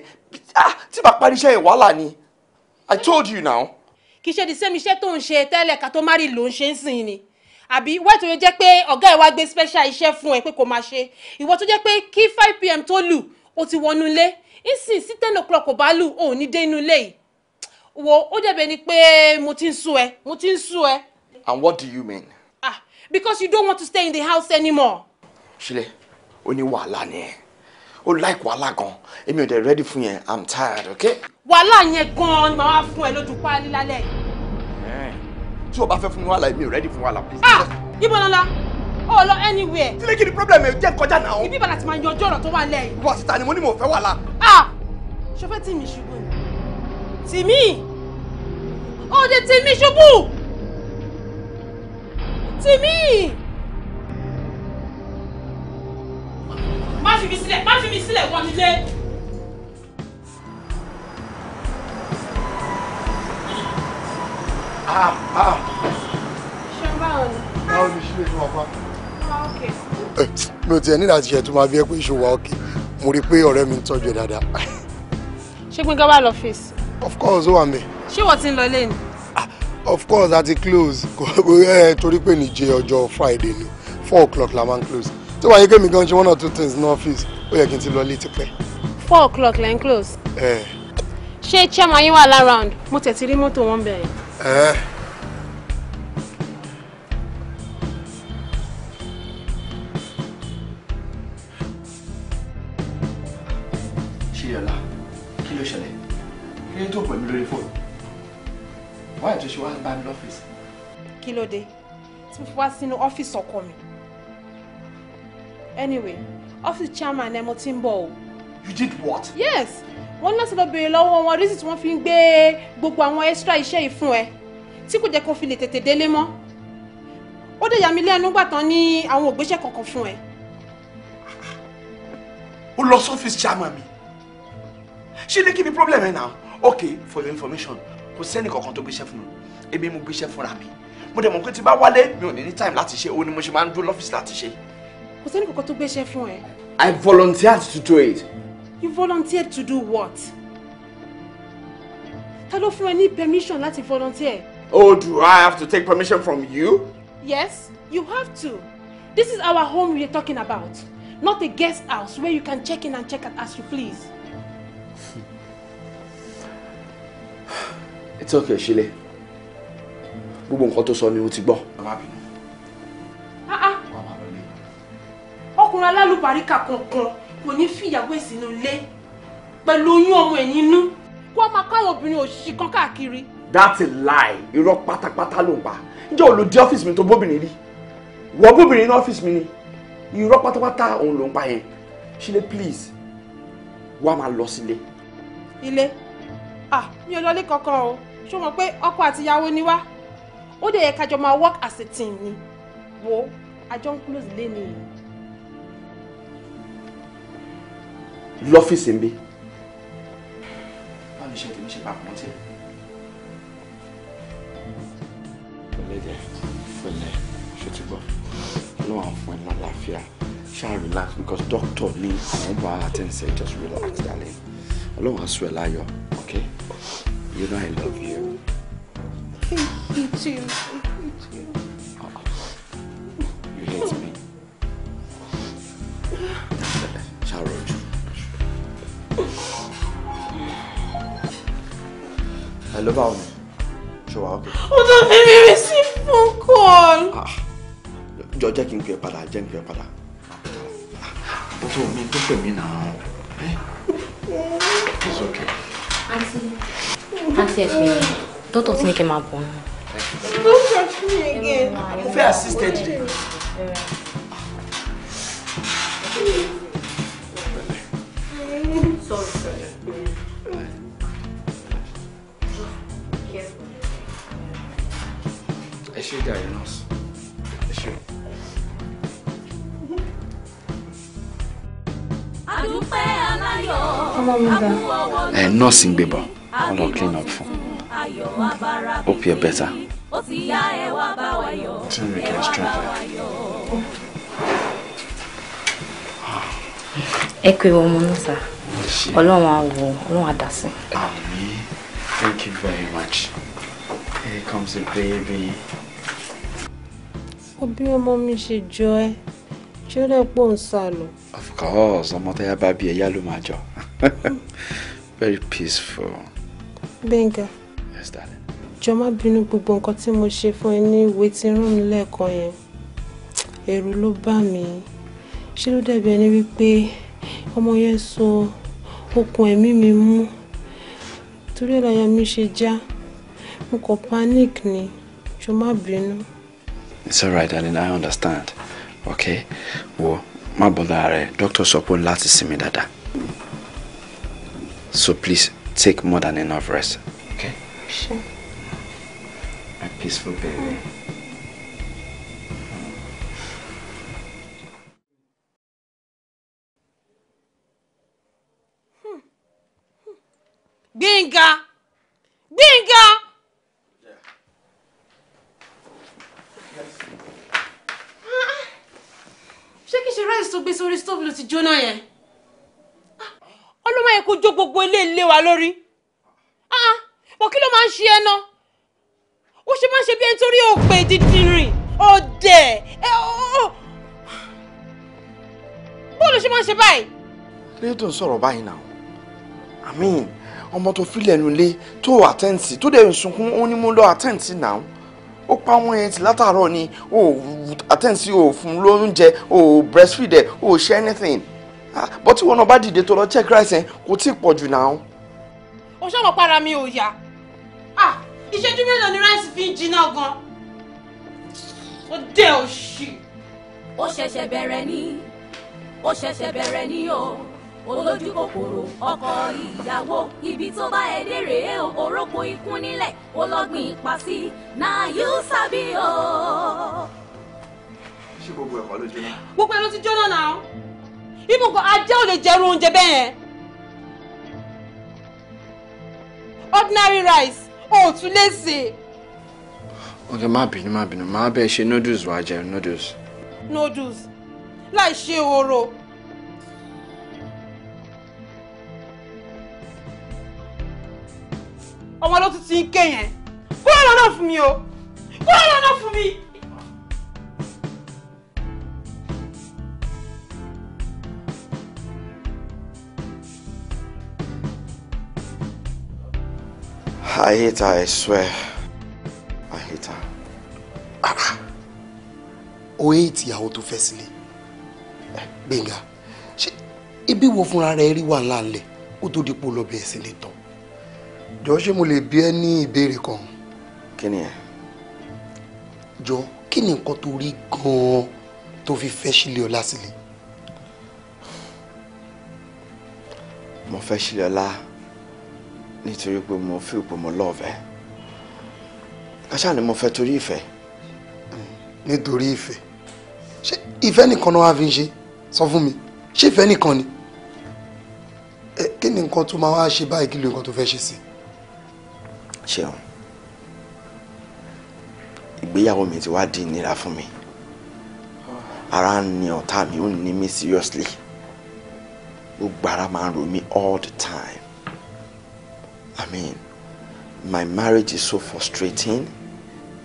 ah, tí bá parí iṣẹ́ yẹn wàhálà ni I told you now. kì í ṣe the same iṣẹ́ tó ń ṣe tẹ́lẹ̀ ká tó má rí ló ń ṣe ń sìn ni àbí wáyé tó yẹ jẹ́ pé ọ̀gá ẹ̀ wá gbé special iṣẹ́ fún ẹ pé kò máa ṣe ìwọ tó jẹ́ pé kí five pm tó lù o ti wọnú ilé ìsìn sí ten o'clock ò bá lù ò ní dé inú ilé yìí wo ó dẹ̀bẹ̀ ni pé mo ti ń sú ẹ mo ti ń sú ẹ. and what do you mean. ah because you don't want to stay in the house anymore. ṣílẹ̀ ó ní wàhálà ni ẹ̀ ó like wàhálà gan èmi ò dẹ̀ ready fún yẹn i'm tired okay. wàhálà yẹn gan ni màá fún ẹ lójú páálí lálẹ́ yìí. tí o bá fẹ́ fún wàhálà èmi ò ready fún wàhálà. ah ibo lọ́la o lọ anywhere. tí lẹ́kì ni problem ẹ̀ jẹ́ nkọjá náà. ibi ìbàdàn ti máa yanjú ọ̀rọ̀ tó wà lẹ́yìn. ìwọ àti tani mo ní mo fẹ́ wà lá. ah ṣọfẹ́ tì mí ṣubú ni tì mí òde tì mí ṣubú tì mí. má fi mi sílẹ̀ má fi mi sílẹ̀ wọ́n nílé. Ah, ah. Ṣé báwo ni? Báwo ni ṣílẹ̀ ní wàá Eh, mi ò tiẹ̀ ní láti ṣe tó máa bí ẹ pé ìṣòwò ọkẹ́ mo rí i pé ọ̀rẹ́ mi ń tọ́jú ẹ dáadáa. ṣé gbẹ̀ngàn wà lọ́fíìsì. of course ó wà mẹ́. ṣé wọ́n ti ń lọ ilé ni. Ah, of course a ti close kò ẹ eh, torí pé níjẹ ọjọ́ friday ni four o'clock la máa ń close tí wàá yé kémi gan ṣe one or two things ní ọ́fíìsì ó yẹ kí n ti lọ ilé tipẹ́. four o'clock la ń close. Eh. ṣé chairman yín wà láround mo tẹ̀ ti rí mọ́tò wọn bẹ̀rẹ̀. béèrè fóònù wáyé tó ṣe wá bá mi lọ́fíìsì. kí ló dé tí mo fi wá sínú ọ́fíìsì ọkọ mi anyway ọ́fíìsì chairman ẹ mo ti ń bọ̀ o. you did what. yes wọ́n láti lọ béèrè lọ́wọ́ wọn rísì tí wọ́n fi ń gbé gbogbo àwọn extra iṣẹ́ yìí fún ẹ tí kò jẹ́ kó fi lè tètè délé mọ́ ó dé yà mí lẹ́nu gbà tán ní àwọn ògbésẹ̀ kankan fún ẹ. ó lọ sọ́fíìsì chairman mi ṣé ní kí ni problem ẹ náà. Okay, for your information kò sẹ́ni kankan tó gbéṣẹ́ fún mi èmi mo gbéṣẹ́ fúnra mi mo dẹ̀ mọ̀ pé tí bá wálé mi ò ní ní time láti ṣe òun ni mo ṣe máa ń dúró lọ́fíìsì láti ṣe. kò sẹ́ni kankan tó gbéṣẹ́ fún ẹ. I volunteered to do it. You volunteered to do what? ta ló fún ẹ ní permission láti volunteer. Oh, do I have to take permission from you? Yes, you have to. This is our home we are talking about, not a guest house where you can check in and check out as you please. tọ́kì ẹ̀ sílẹ̀ gbogbo nǹkan tó sọ ni o ti gbọ́. Ah, ah. ọkùnrin alálùbáríkà kankan kò ní fìyàwó ìsìnú ilé pẹ̀lú oyún ọmọ ẹ̀ nínú kó máa káwọn obìnrin òṣìṣì kan káàkiri. that's a lie irọ́ pátápátá ló ń pa ǹjẹ́ ò ló dé ọ́fíìsì mi tó bóbìnrin rí wọ́n bóbìnrin ní ọ́fíìsì mi ni irọ́ pátápátá òun ló ń pa yẹn ṣílẹ̀ please wàá máa lọ sílé. ilé ah mi ò lọ ilé kankan o ṣó mọ̀ pé ọkọ àtìyàwó ni wá ó dẹ̀ yẹ kájọ máa work as a team ni wo àjọ ń close lé ni. lọ́fíìsì ń bí. báwo ni ṣe tèmi ṣe papọ̀ tí. fẹlẹ́dẹ̀ fẹlẹ́ ṣe ti gbọ́ lọ́wọ́ àwọn fún ẹ náà láàfíà ṣáà relax because doctor ní àwọn bá àtẹ̀sẹ̀ just relax darling ọlọ́run á sọ ẹ láyọ̀ okay. You know I love you. I hate you. I hate me. Charlotte. Hello, Baum. Show up. Ó tó fẹ́ mi receive phone call. Ah, jọ jẹ́ kí n pè padà, jẹ́ n pè padà. Ó tó mi tó pè mí eh? It's okay. I see. Auntie don't talk to me again. up on. Don't touch me again. Mo assisted you. Sorry, sorry. Ẹ ṣe jàre nọ́ọ̀sì. Ẹ ṣe. Adúpẹ́ aláyọ̀. Ẹ nọ́ọ̀sì ń gbébọn. I'll not clean up for. Hope you're better. Till we can strengthen. Ẹ pé ọmọ náà sá. Ọlọ́run Thank you very much. Here comes the baby. Òbí ọmọ mi joy. jọ ẹ́. Ṣé Of course, I'm not a baby. bí ẹ̀yá ló Very peaceful. Bẹ́ńgà. Yes, bínú gbogbo nǹkan tí mo ṣe fún ẹ ní ìwé tí rán mi lẹ́ẹ̀kan yẹn. Èrò ló bà mí. Ṣé ló dẹ̀bi ẹni wípé ọmọ yẹn so okùn ẹ̀mí mi mú? Torí ẹ̀ mi ṣe já. Mo kàn panic ni. Jọ̀ọ́ bínú. It's alright, darling. I understand. Okay? Wo má bọ̀dọ̀ rẹ̀. Dókítà sọ pé láti sinmi dáadáa. So please take more than enough rest. Okay? Sure. A peaceful baby. Mm. Gbénga! Gbénga! Ṣé kìí ṣe rice tó gbé sórí So ló ti jóná yẹn? ọlọ́mọ yẹn kò jó gbogbo ilé ilé wa lórí ah, bọ̀ kí ló máa ń ṣe ẹ ná ó ṣe máa ń ṣe bí ẹni torí òpè dídín rìn ọ̀dẹ̀ bọ́ọ̀lù ṣe máa ń ṣe báyìí. kílódé tó ń sọ̀rọ̀ báyìí náà àmín ọmọ tó fi lẹ́nu ilé tó àtẹ́ǹtì tó dẹ̀ ń sunkún ó ní mú lọ àtẹ́ǹtì náà ó pa àwọn yẹn ti látàárọ̀ ni ó àtẹ́ǹtì ò fún lóúnjẹ ò breastfeed ẹ̀ ṣe anything. Ah, bọ́ tí wọn náà bá dìde tó lọ check Christ, yẹn kò tí ì pọ̀ jù náà. o ṣọ́mọ para mi ò yá ah, ìṣẹ́jú mélòó ni rice fi ń jiná gan ó dé òṣì. ó ṣẹ̀ṣẹ̀ bẹ̀rẹ̀ ni ó ṣẹ̀ṣẹ̀ bẹ̀rẹ̀ ni o olójú kòkòrò ọkọ ìyàwó ibi tó bá ẹ dé rèé o orókò ikú nílẹ̀ ó lọ́gbìn ipa sí na you sabi o. ṣé gbogbo ẹ̀kọ́ ló jóná. gbogbo ẹ̀ ló ti jóná náà ibi nǹkan ajá ò lè jẹrú oúnjẹ bẹ́ẹ̀ yẹn ordinary rice ò tún lè sè. ok má bínú má bínú má bẹ́ẹ̀ ṣe noodles wàá jẹ noodles. noodles láì ṣe oro. ọmọ ló tún ti ń ké yẹn kúrò lọ́nà fún mi o kúrò lọ́nà fún mi. I hate her, I swear. I hate her. Ah! O hate ya tó fẹ́ sílé. Eh, Gbẹ̀ngà, ṣé ibi wo fúnra rẹ̀ rí wà láàlẹ̀ ó tó dípò lọ bẹ̀rẹ̀ sí ní tán? Jọ ṣé mo lè bí ẹ ní ìbéèrè kan? Kí ni ẹ? Jọ kí ni nǹkan gan-an fi fẹ́ sílé ọlá sílé? Mo fẹ́ sílé ọlá nítorí pé mo fi ìpò mo lọ́ọ̀fẹ́ kàṣà ni mo fẹ́ torí ìfẹ́. nítorí ìfẹ́ ṣé ìfẹ́ nìkan náà wá fi ń ṣe sọ fún mi ṣé ìfẹ́ nìkan ni ẹ kí ni nǹkan tó máa wá ṣe báyìí kí ló nǹkan tó fẹ́ ṣe sí. ṣeun ìgbéyàwó mi ti wá di ìnira fún mi ara ń ní ọ̀tá mi ó ní mi seriously ó gbára máa ń ro mi all the time. I mean, my marriage is so frustrating,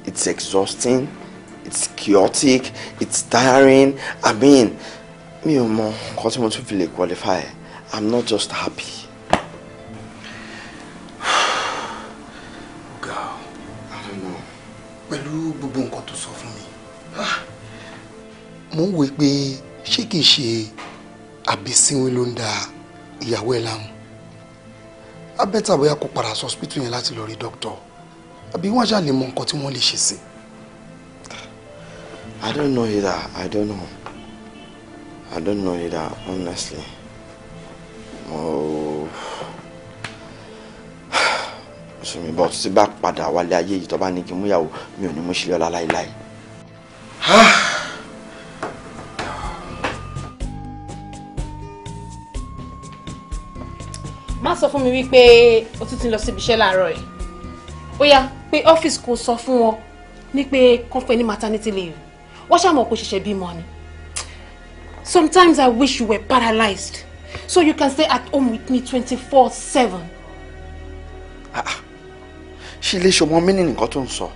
it's exhausting, it's chaotic, it's tiring. I mean, me ò mọ nǹkan tí mo feel fi lè I'm not just happy. Girl, I don't know. Pẹ̀lú gbogbo nǹkan tó sọ fún me. Ah! mo ń wòye pé ṣé kìí ṣe àbísínwín ló ń da abẹ́tà bóyá kó padà sọ hospital yẹn láti lọ rí dókítà àbí wọ́n ṣáà lè mọ nǹkan tí wọ́n lè ṣe sí. I don't know either I don't know I don't know either honestly mo sùnmi bọ́ tí bá padà wálé ayé yìí tó bá ní kí n múyàwó mi ò ní mú sílẹ̀ ọ̀la láéláé. Ah! fún mi wípé o tún ti lọ síbi iṣẹ́ láàárọ̀ yìí ó yá pé ọ́fíìsì kò sọ fún wọn ní pé kán ní maternity leave wọ́n ṣàmọ̀ kó ṣẹ̀ṣẹ̀ bímọ ni sometimes I wish you were paralyzed so you can stay at home with me twenty four seven. Ah, ah. ṣe ilé ṣọmọ mi ní nǹkan tó ń sọ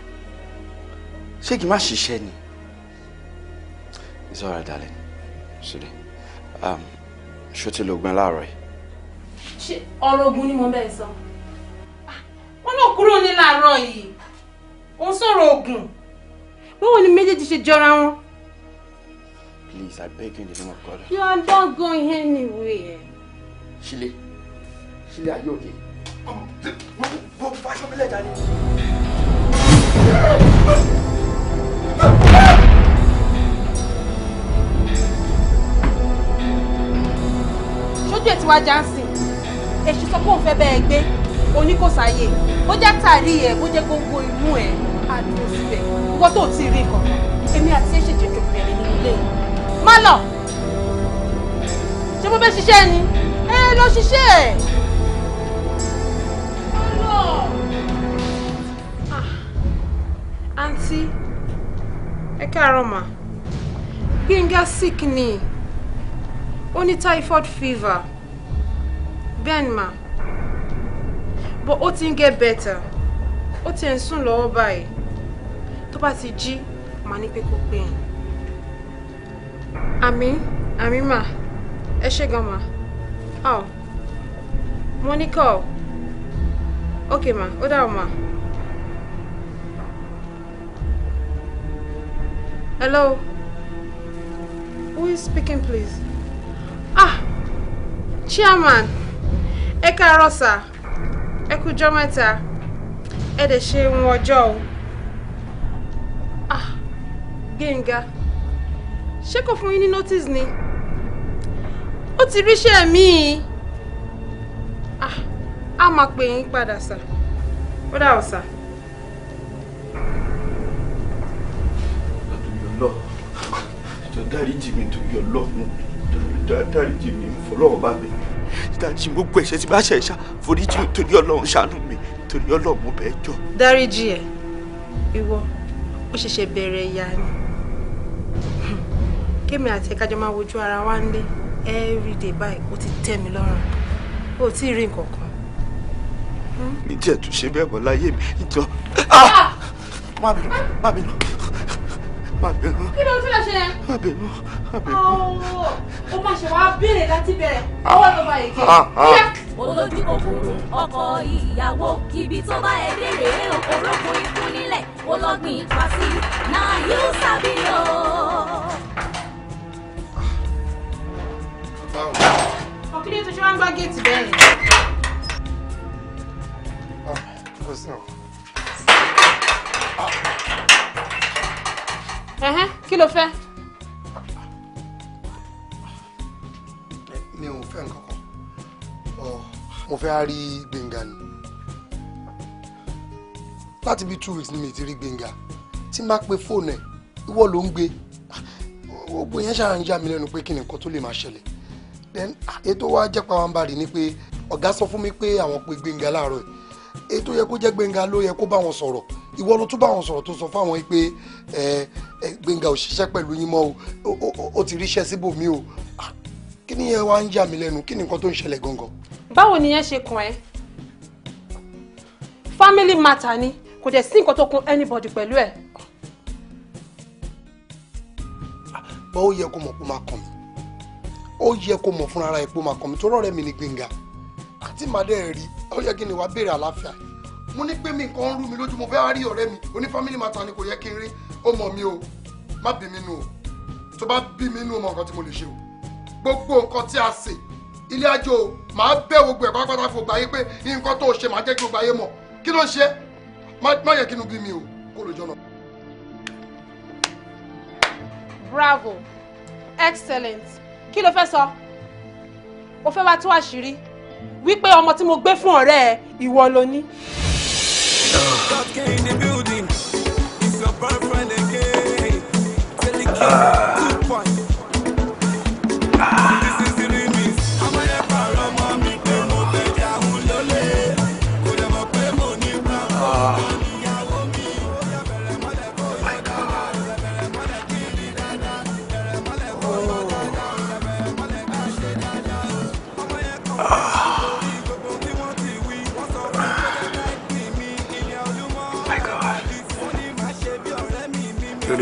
ṣé kí n má ṣiṣẹ́ ni it's all right darling sílẹ̀ um, ṣó ti lògbọ́n láàárọ̀ yìí ṣe ọ̀rọ̀ ni mo bẹ́ẹ̀ sọ ah, wọn náà kúrò ní láàárọ̀ yìí ó sọ̀rọ̀ ogun báwo ni méjèèjì ṣe jọra wọn. Please, I beg you in the name of God. You are not going anywhere. Shile. Shile, are you okay? Go fashion me like that. Ṣojú ẹ̀ ti wá jáǹsì èṣù sọ pé òun fẹ́ bẹ́ẹ̀ gbé oníkòsáyè bó jẹ́ tàrí ẹ̀ bó jẹ́ gbogbo inú ẹ̀ àdúró síbẹ̀ nǹkan tó ti rí nǹkan èmi àti ẹ̀ ṣètò ìjọba ẹ̀rẹ̀ nínú ilé yìí má lọ ṣé mo fẹ́ ṣiṣẹ́ ni ẹ lọ ṣiṣẹ́ ẹ̀ má lọ. àǹtí ah, ẹ káàárọ̀ mà Gbénga sick ni ó ní typhoid fever bẹ́ẹ̀ ni but ó ti get better ó ti ń sùn lọ́wọ́ To tó bá ti jí mà ní pé kó pè yín àmì ma, mà ẹ ṣe gan mà ọ mo ní kọ́ ok mà ó Hello? Who is speaking, please? Ah! Chairman! eka káàárọ̀ sà ẹ kújọ́ mẹ́ta ẹ dẹ̀ ṣe ohun o ah ginga ṣé kò fún ni notice ni o ti se míì ah á máa pè yín padà sa ó dà ọ̀ sà. dáríjì mi torí Ọlọ́run dáríjì mi fọlọ́ọ̀ bá mi. ìdájí gbogbo ẹ̀ṣẹ̀ tí bá ṣẹ̀ ṣá foríjì torí ọlọ́run ṣàánú mi torí ọlọ́run mo bẹ́ẹ̀ jọ. dáríjì ẹ ìwọ ó ṣẹ̀ṣẹ̀ bẹ̀rẹ̀ ìyá ni kémi àti ẹ̀ka jọ máa wojú ara wa nílé everyday báyìí ó ti tẹ́ mi lọ́rùn ó ti rí nǹkan kan. mi jẹ́ tún ṣe bẹ́ẹ̀ mọ́ láyé mi ìjọ. Ah! má bínú má bínú àbẹ̀nú. kí ló tún lọ ṣe. àbẹ̀nú àbẹ̀nú. ó máa ṣe wá béèrè láti bẹ̀rẹ̀ ah. ọwọ́ ló máa yẹ kí. Ah, ah. olójú kòkòrò ọkọ ìyàwó ibi tó bá ẹ béèrè òkòrókò ikú nílẹ̀ ológbìn ìfàsí náà yóò sábì lọ. ọkùnrin tó ṣe wá ń gbá géètì bẹ́ẹ̀ ni. kò sí ọ̀hún. ẹ̀hẹ́n kí ló fẹ́. mi ò fẹ́ nǹkan kan mo fẹ́ rí gbẹ̀ngà ni láti bí two weeks ni mi ti rí gbẹ̀ngà tí má pe fóònù ẹ̀ ìwọ ló ń gbé gbogbo yẹn ṣáà ń yà mí lẹ́nu pé kí ni nǹkan tó lè máa ṣẹlẹ̀ then ètò wa jẹ́ pàwọ́nbarì ni pé ọ̀gá sọ fún mi pé àwọn pe gbẹ̀ngà láàárọ̀ ẹ̀ ètò yẹ kó jẹ́ gbẹ̀ngà ló yẹ kó bá wọn sọ̀rọ̀ ìwọ ló tún bá wọn sọ̀rọ̀ tó sọ fáwọn pé ẹ̀ Gbénga ò ṣiṣẹ́ pẹ̀lú yín mọ́ o ó ti ríṣẹ́ síbòmí o kí ni yẹn wá ń yà mí lẹ́nu kí ni nǹkan tó ń ṣẹlẹ̀ gangan. báwo ni yẹn ṣe kàn ẹ́ family matter ni kò dẹ̀ sí nǹkan tó kún anybody pẹ̀lú ẹ̀. bọ́ ó yẹ kó mọ̀ pé máa kàn mí ó yẹ kó mọ̀ fúnra ara ẹ̀ pé máa kàn mí tó rọ̀rẹ́ mi ní Gbénga àti màdé rí ó yẹ kí ni wàá béèrè àlàáfíà mo ní pé mi nǹkan ń rú mi lójú mo fẹ́ wá rí ọ̀rẹ́ mi oní family matter ni kò yẹ kí n rí ó mọ̀ mi o má bí mi nù o tó bá bí mi nù o mọ̀ nǹkan tí mo lè ṣe o gbogbo nǹkan tí a sè ilé ajo o màá bẹ̀ gbogbo ẹ̀ pátápátá fún gbàyé pé nǹkan tó ṣe màá jẹ́ kí gbogbo ayé mọ̀ kí ló ń ṣe má yẹ kí inú bí mi o kó lójọ́ náà. bravo excellent kí ló fẹ́ sọ o fẹ́ wá tú àṣírí wípé ọmọ tí mo gbé fún ọ̀rẹ́ ìwọ ló ní. Uh.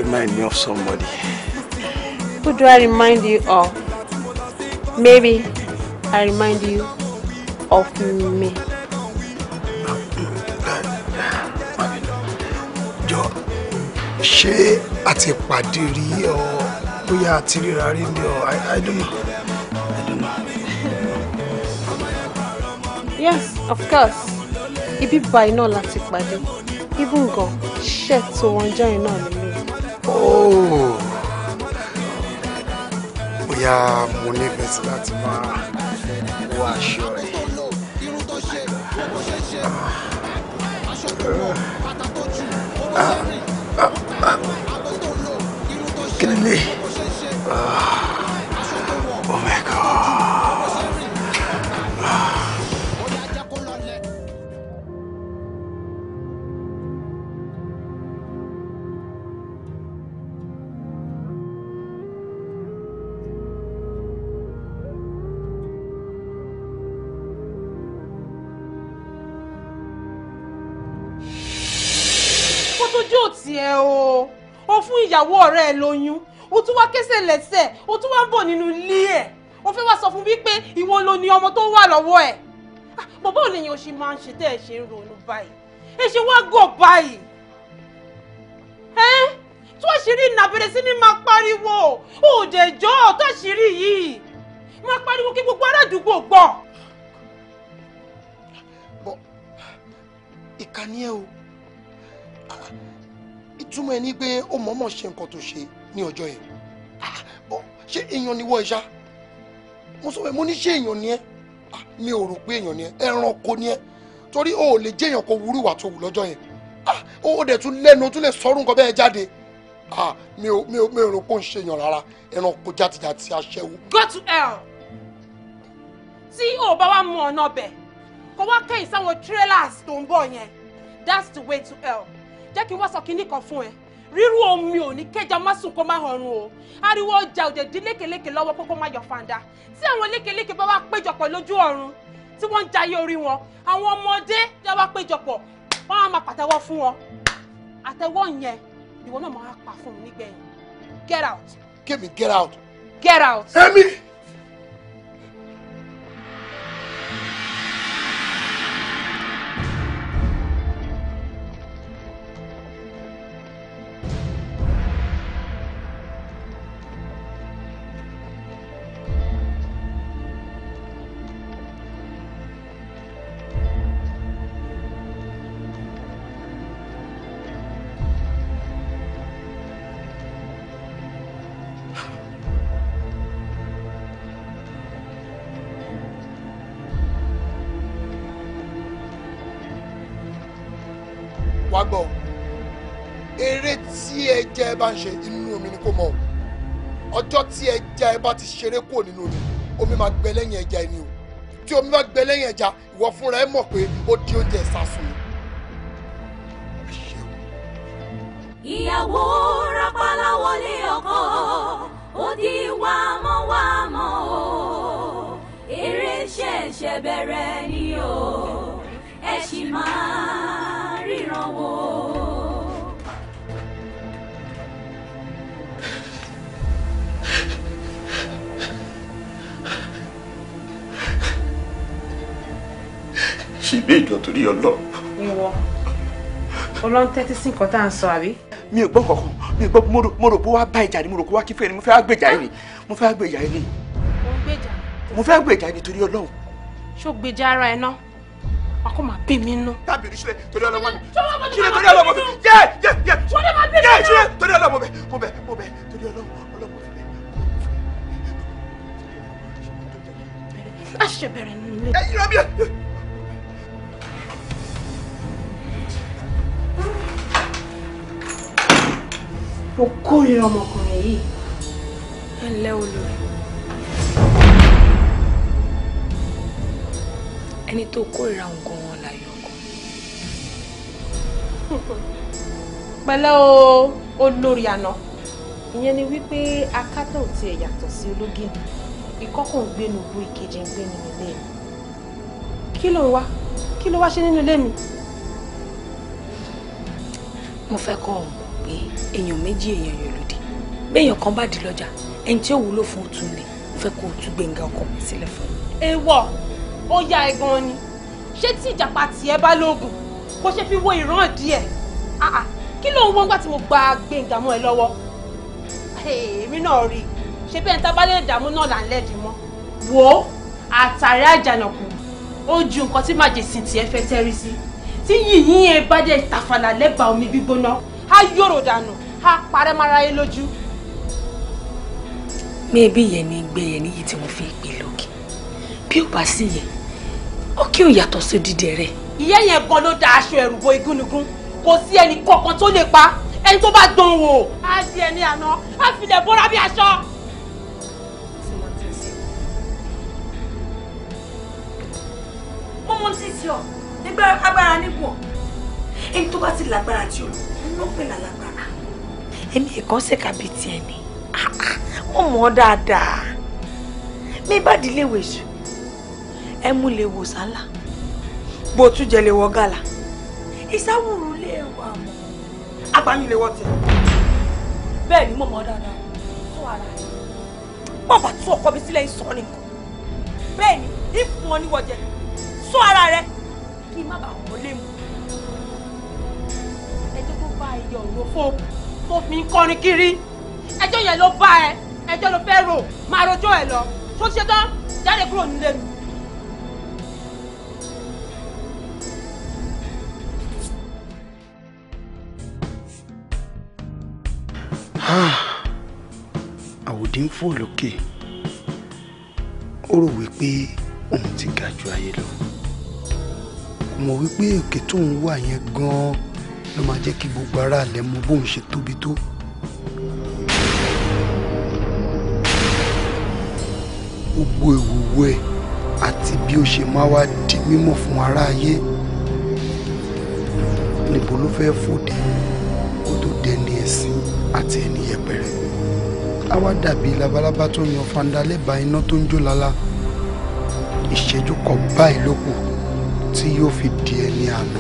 remind me of somebody. Who do I remind you of? Maybe I remind you of me. Jọ, ṣé a ti pàdé rí ọ bóyá a ti ríra rí ni ọ I don't know. I don't know. Yes, of course. Ibi báyìí náà la ti pàdé. Even gan, ṣẹ́ẹ̀tì wọn jẹ́rìí náà ni bóyá mo nífẹ̀ẹ́ sí láti máa wọ aṣọ rẹ̀. Ah. ẹ lóyún o tún wá kẹsẹ̀ lẹ́sẹ̀ o tún wá ń bọ̀ nínú ilé ẹ̀ o fẹ́ wá sọ fún mi pé ìwọ ló ní ọmọ tó wà lọ́wọ́ ẹ̀ bàbá ò lèyìn o ṣe máa ń ṣe tẹ́ ẹ ṣe ń ronú báyìí ẹ ṣe wá gọ̀ báyìí ẹ tó àṣírí ìnà bẹ̀rẹ̀ sí ni máa pariwo ò dẹ̀ tó àṣírí yìí máa pariwo kí gbogbo aládùúgbò gbọ́. bọ ìkànnì ẹ o ìtumọ̀ ẹ ní pé ó mọ̀ọ́mọ̀ ṣe nǹkan tó ṣe ní ọjọ́ yẹn ah, ṣé èèyàn ni wọ́ ìṣá mo sọ pé mo ní ṣé èèyàn ni ẹ ah, mi ò rò pé èèyàn ni ẹ ẹranko ni ẹ torí o ò lè jẹ́ èèyàn kó wúrú ìwà tó wù lọ́jọ́ yẹn ó ah, dẹ̀ tún lẹ́nu tún lè sọ́rùn nǹkan bẹ́ẹ̀ jáde mi ò rò pé ó ń ṣe èèyàn rárá ẹranko játijàti aṣẹ́wó. go to hell tí o bá wá mú ọ̀nà ọbẹ̀ kó wá kẹ́yìn sáwọn trailers tó ń bọ̀ yẹn that's the way to hell jẹ́ kí n wá sọ kinní kan fún ẹ rírú omi ò ní kéjà má sùn kó má họrùn o ariwo ọjà òjè dín lékeleke lọ́wọ́ kó kó má yọ fàǹdà tí àwọn lékeleke bá wá péjọpọ̀ lójú ọ̀run tí wọ́n ń jayé orí wọn àwọn ọmọdé tí wọ́n bá péjọpọ̀ wọ́n á máa pàtẹ́wọ́ fún wọn àtẹ́wọ́ yẹn ìwọ náà máa pa fún un nígbẹ̀yìn get out. kémi get out. get out. èmi. Hey, eré tí ẹja ẹ bá ń ṣe inú omi ni kò mọ o ọjọ́ tí ẹja ẹ bá ti ṣeré kúrò nínú omi omi máa gbẹ lẹ́yìn ẹja ẹni o tí omi bá gbẹ lẹ́yìn ẹja ìwọ fúnra ẹ mọ̀ pé ó di oúnjẹ ìsásùn. ìyàwó rapala wọlé ọkọ ó di wàmọ́wàmọ́ o eré ṣẹ̀ṣẹ̀ bẹ̀rẹ̀ ni o ẹ ṣì máa. ṣe ilé ìjọ torí ọlọ́run. ìwọ ọlọ́run tẹ́tí sí nǹkan tá à ń sọ àbí. mi ò gbọ́ kankan mi ò gbọ́ mo rò pé wá bá ìjà ni mo rò pé wá kífẹ́ ni mo fẹ́ wá gbèjà yìí ni mo fẹ́ wá gbèjà yìí ni. mo fẹ́ gbèjà yìí ni torí ọlọ́run. ṣó gbèjà ara ẹ ná wà kó máa bí mi nú. tábìlì ìṣúlẹ̀ torí ọlọ́mọ mi ṣílẹ̀ torí ọlọ́mọ mi yẹ yẹ yẹ yẹ ṣílẹ̀ torí ọlọ́mọ mi mo bẹ̀ mo bẹ̀ torí ọlọ́mọ ọlọ́mọ mi bẹ̀. a ṣe bẹ̀rẹ̀ nílé. ẹ yíra mi ẹ. mo kórìíra ọmọkùnrin yìí ẹ ǹlẹ́ olórí ẹni tó kórìíra nǹkan wọn láyọ̀ kan pẹ̀lẹ́ o olórí àná ìyẹn ni wípé akátá ò tiẹ̀ yàtọ̀ sí ológìnì ìkọ́kọ̀ ń gbénu bú ìkejì ń gbénu ilé mi kí ló ń wá kí ló wá ṣe nínú ilé mi. mo fẹ́ kọ́ ọ̀hún èèyàn méjì èèyàn yòó lòdì béèyàn kan bá di lọ́jà ẹni tí ó wúlò fún òtún ni mo fẹ́ kó o tún gbẹ̀ngà ọkọ mi sílẹ̀ fún mi. èèwọ̀ ó ya ẹ̀gan ni ṣé tí ìjàpá tiẹ̀ bá lóògùn kó ṣe fi wo ìran díẹ̀ kí ló ń wọ́n gbà tí mo gba gbẹ̀ngà mọ́ ẹ lọ́wọ́ èmi náà rí ṣe bẹ́ẹ̀ tá a bá lè dààmú náà là ń lẹ́ẹ̀dì mọ́ wò ó àtàrí àjànàkù ó ju nǹkan tí màjèsìn tiẹ̀ fẹ́ tẹ́rí sí tí yìnyín yẹn bá dẹ̀ tàfàlà lẹ́bàá omi gbígbóná á yòrò dànù á parẹ́ mára yín lójú. mi ẹbí yẹn ni gbé yẹn níyì tí wọ́n fi gbé lókè bí ó bá sí yẹn ó kí ó yàtọ̀ sí dídẹ rẹ̀. ìyá yẹn gan ló da aṣọ ẹ̀rù bo igúnnugún kò sí ẹnì kankan tó lè pa ẹni tó bá dán wò á di ẹni àná á filẹ̀ bọ́ra bí aṣọ. mọ́mọ́ ti ti ọ̀ agbára nípò ẹni tó bá ti lágbára tí o lò ó pè lálágbára èmi ẹ̀kọ́ ṣèkà bíi tiẹ̀ ni wọ́n ah, ah, mọ̀ ọ́ dáadáa mi bá dílé wèṣù ẹ mú lè wò sálà bó o tún jẹ lè wọ gàlà ìsáwùrù lè wà mọ́ agbami lè wọ́ tiẹ̀ bẹ́ẹ̀ ni mo mọ̀ ọ́ dáadáa tó ara rẹ̀ mọ̀ bá tún ọkọ mi sílẹ̀ ń sọ nìkan bẹ́ẹ̀ ni ìfún ọ níwọ̀jẹ̀ sọ ara rẹ̀ kí n má bàa wọlé mu ẹ jẹ́ kó bá iye ọ̀rọ̀ fóònù tó fi ń kọrin kiri ẹjọ́ yẹn ló bá ẹ ẹjọ́ ló fẹ́ rò máa rojọ́ ẹ lọ tó ṣe tán jáde kúrò nílé mi. Ah, àwòdì ń fò lókè ó rò wípé òun ti ga ju ayé lọ kò wípé òkè tóun wà yẹn gan ló máa jẹ́ kí gbogbo aráàlẹ̀ mọ bóun ṣe tóbi tó. gbogbo ìwòwò ẹ̀ àti bí ó ṣe máa wá di mímọ̀ fún aráayé níbo ló fẹ́ fòde kó tó dẹni ẹ̀sìn àti ẹni yẹpẹrẹ á wá dàbí labalábá tó yan fanda lẹ́bàá iná tó ń jó lala ìṣẹ́jú kan báyìí ló kù tí yóò fi di ẹni àná.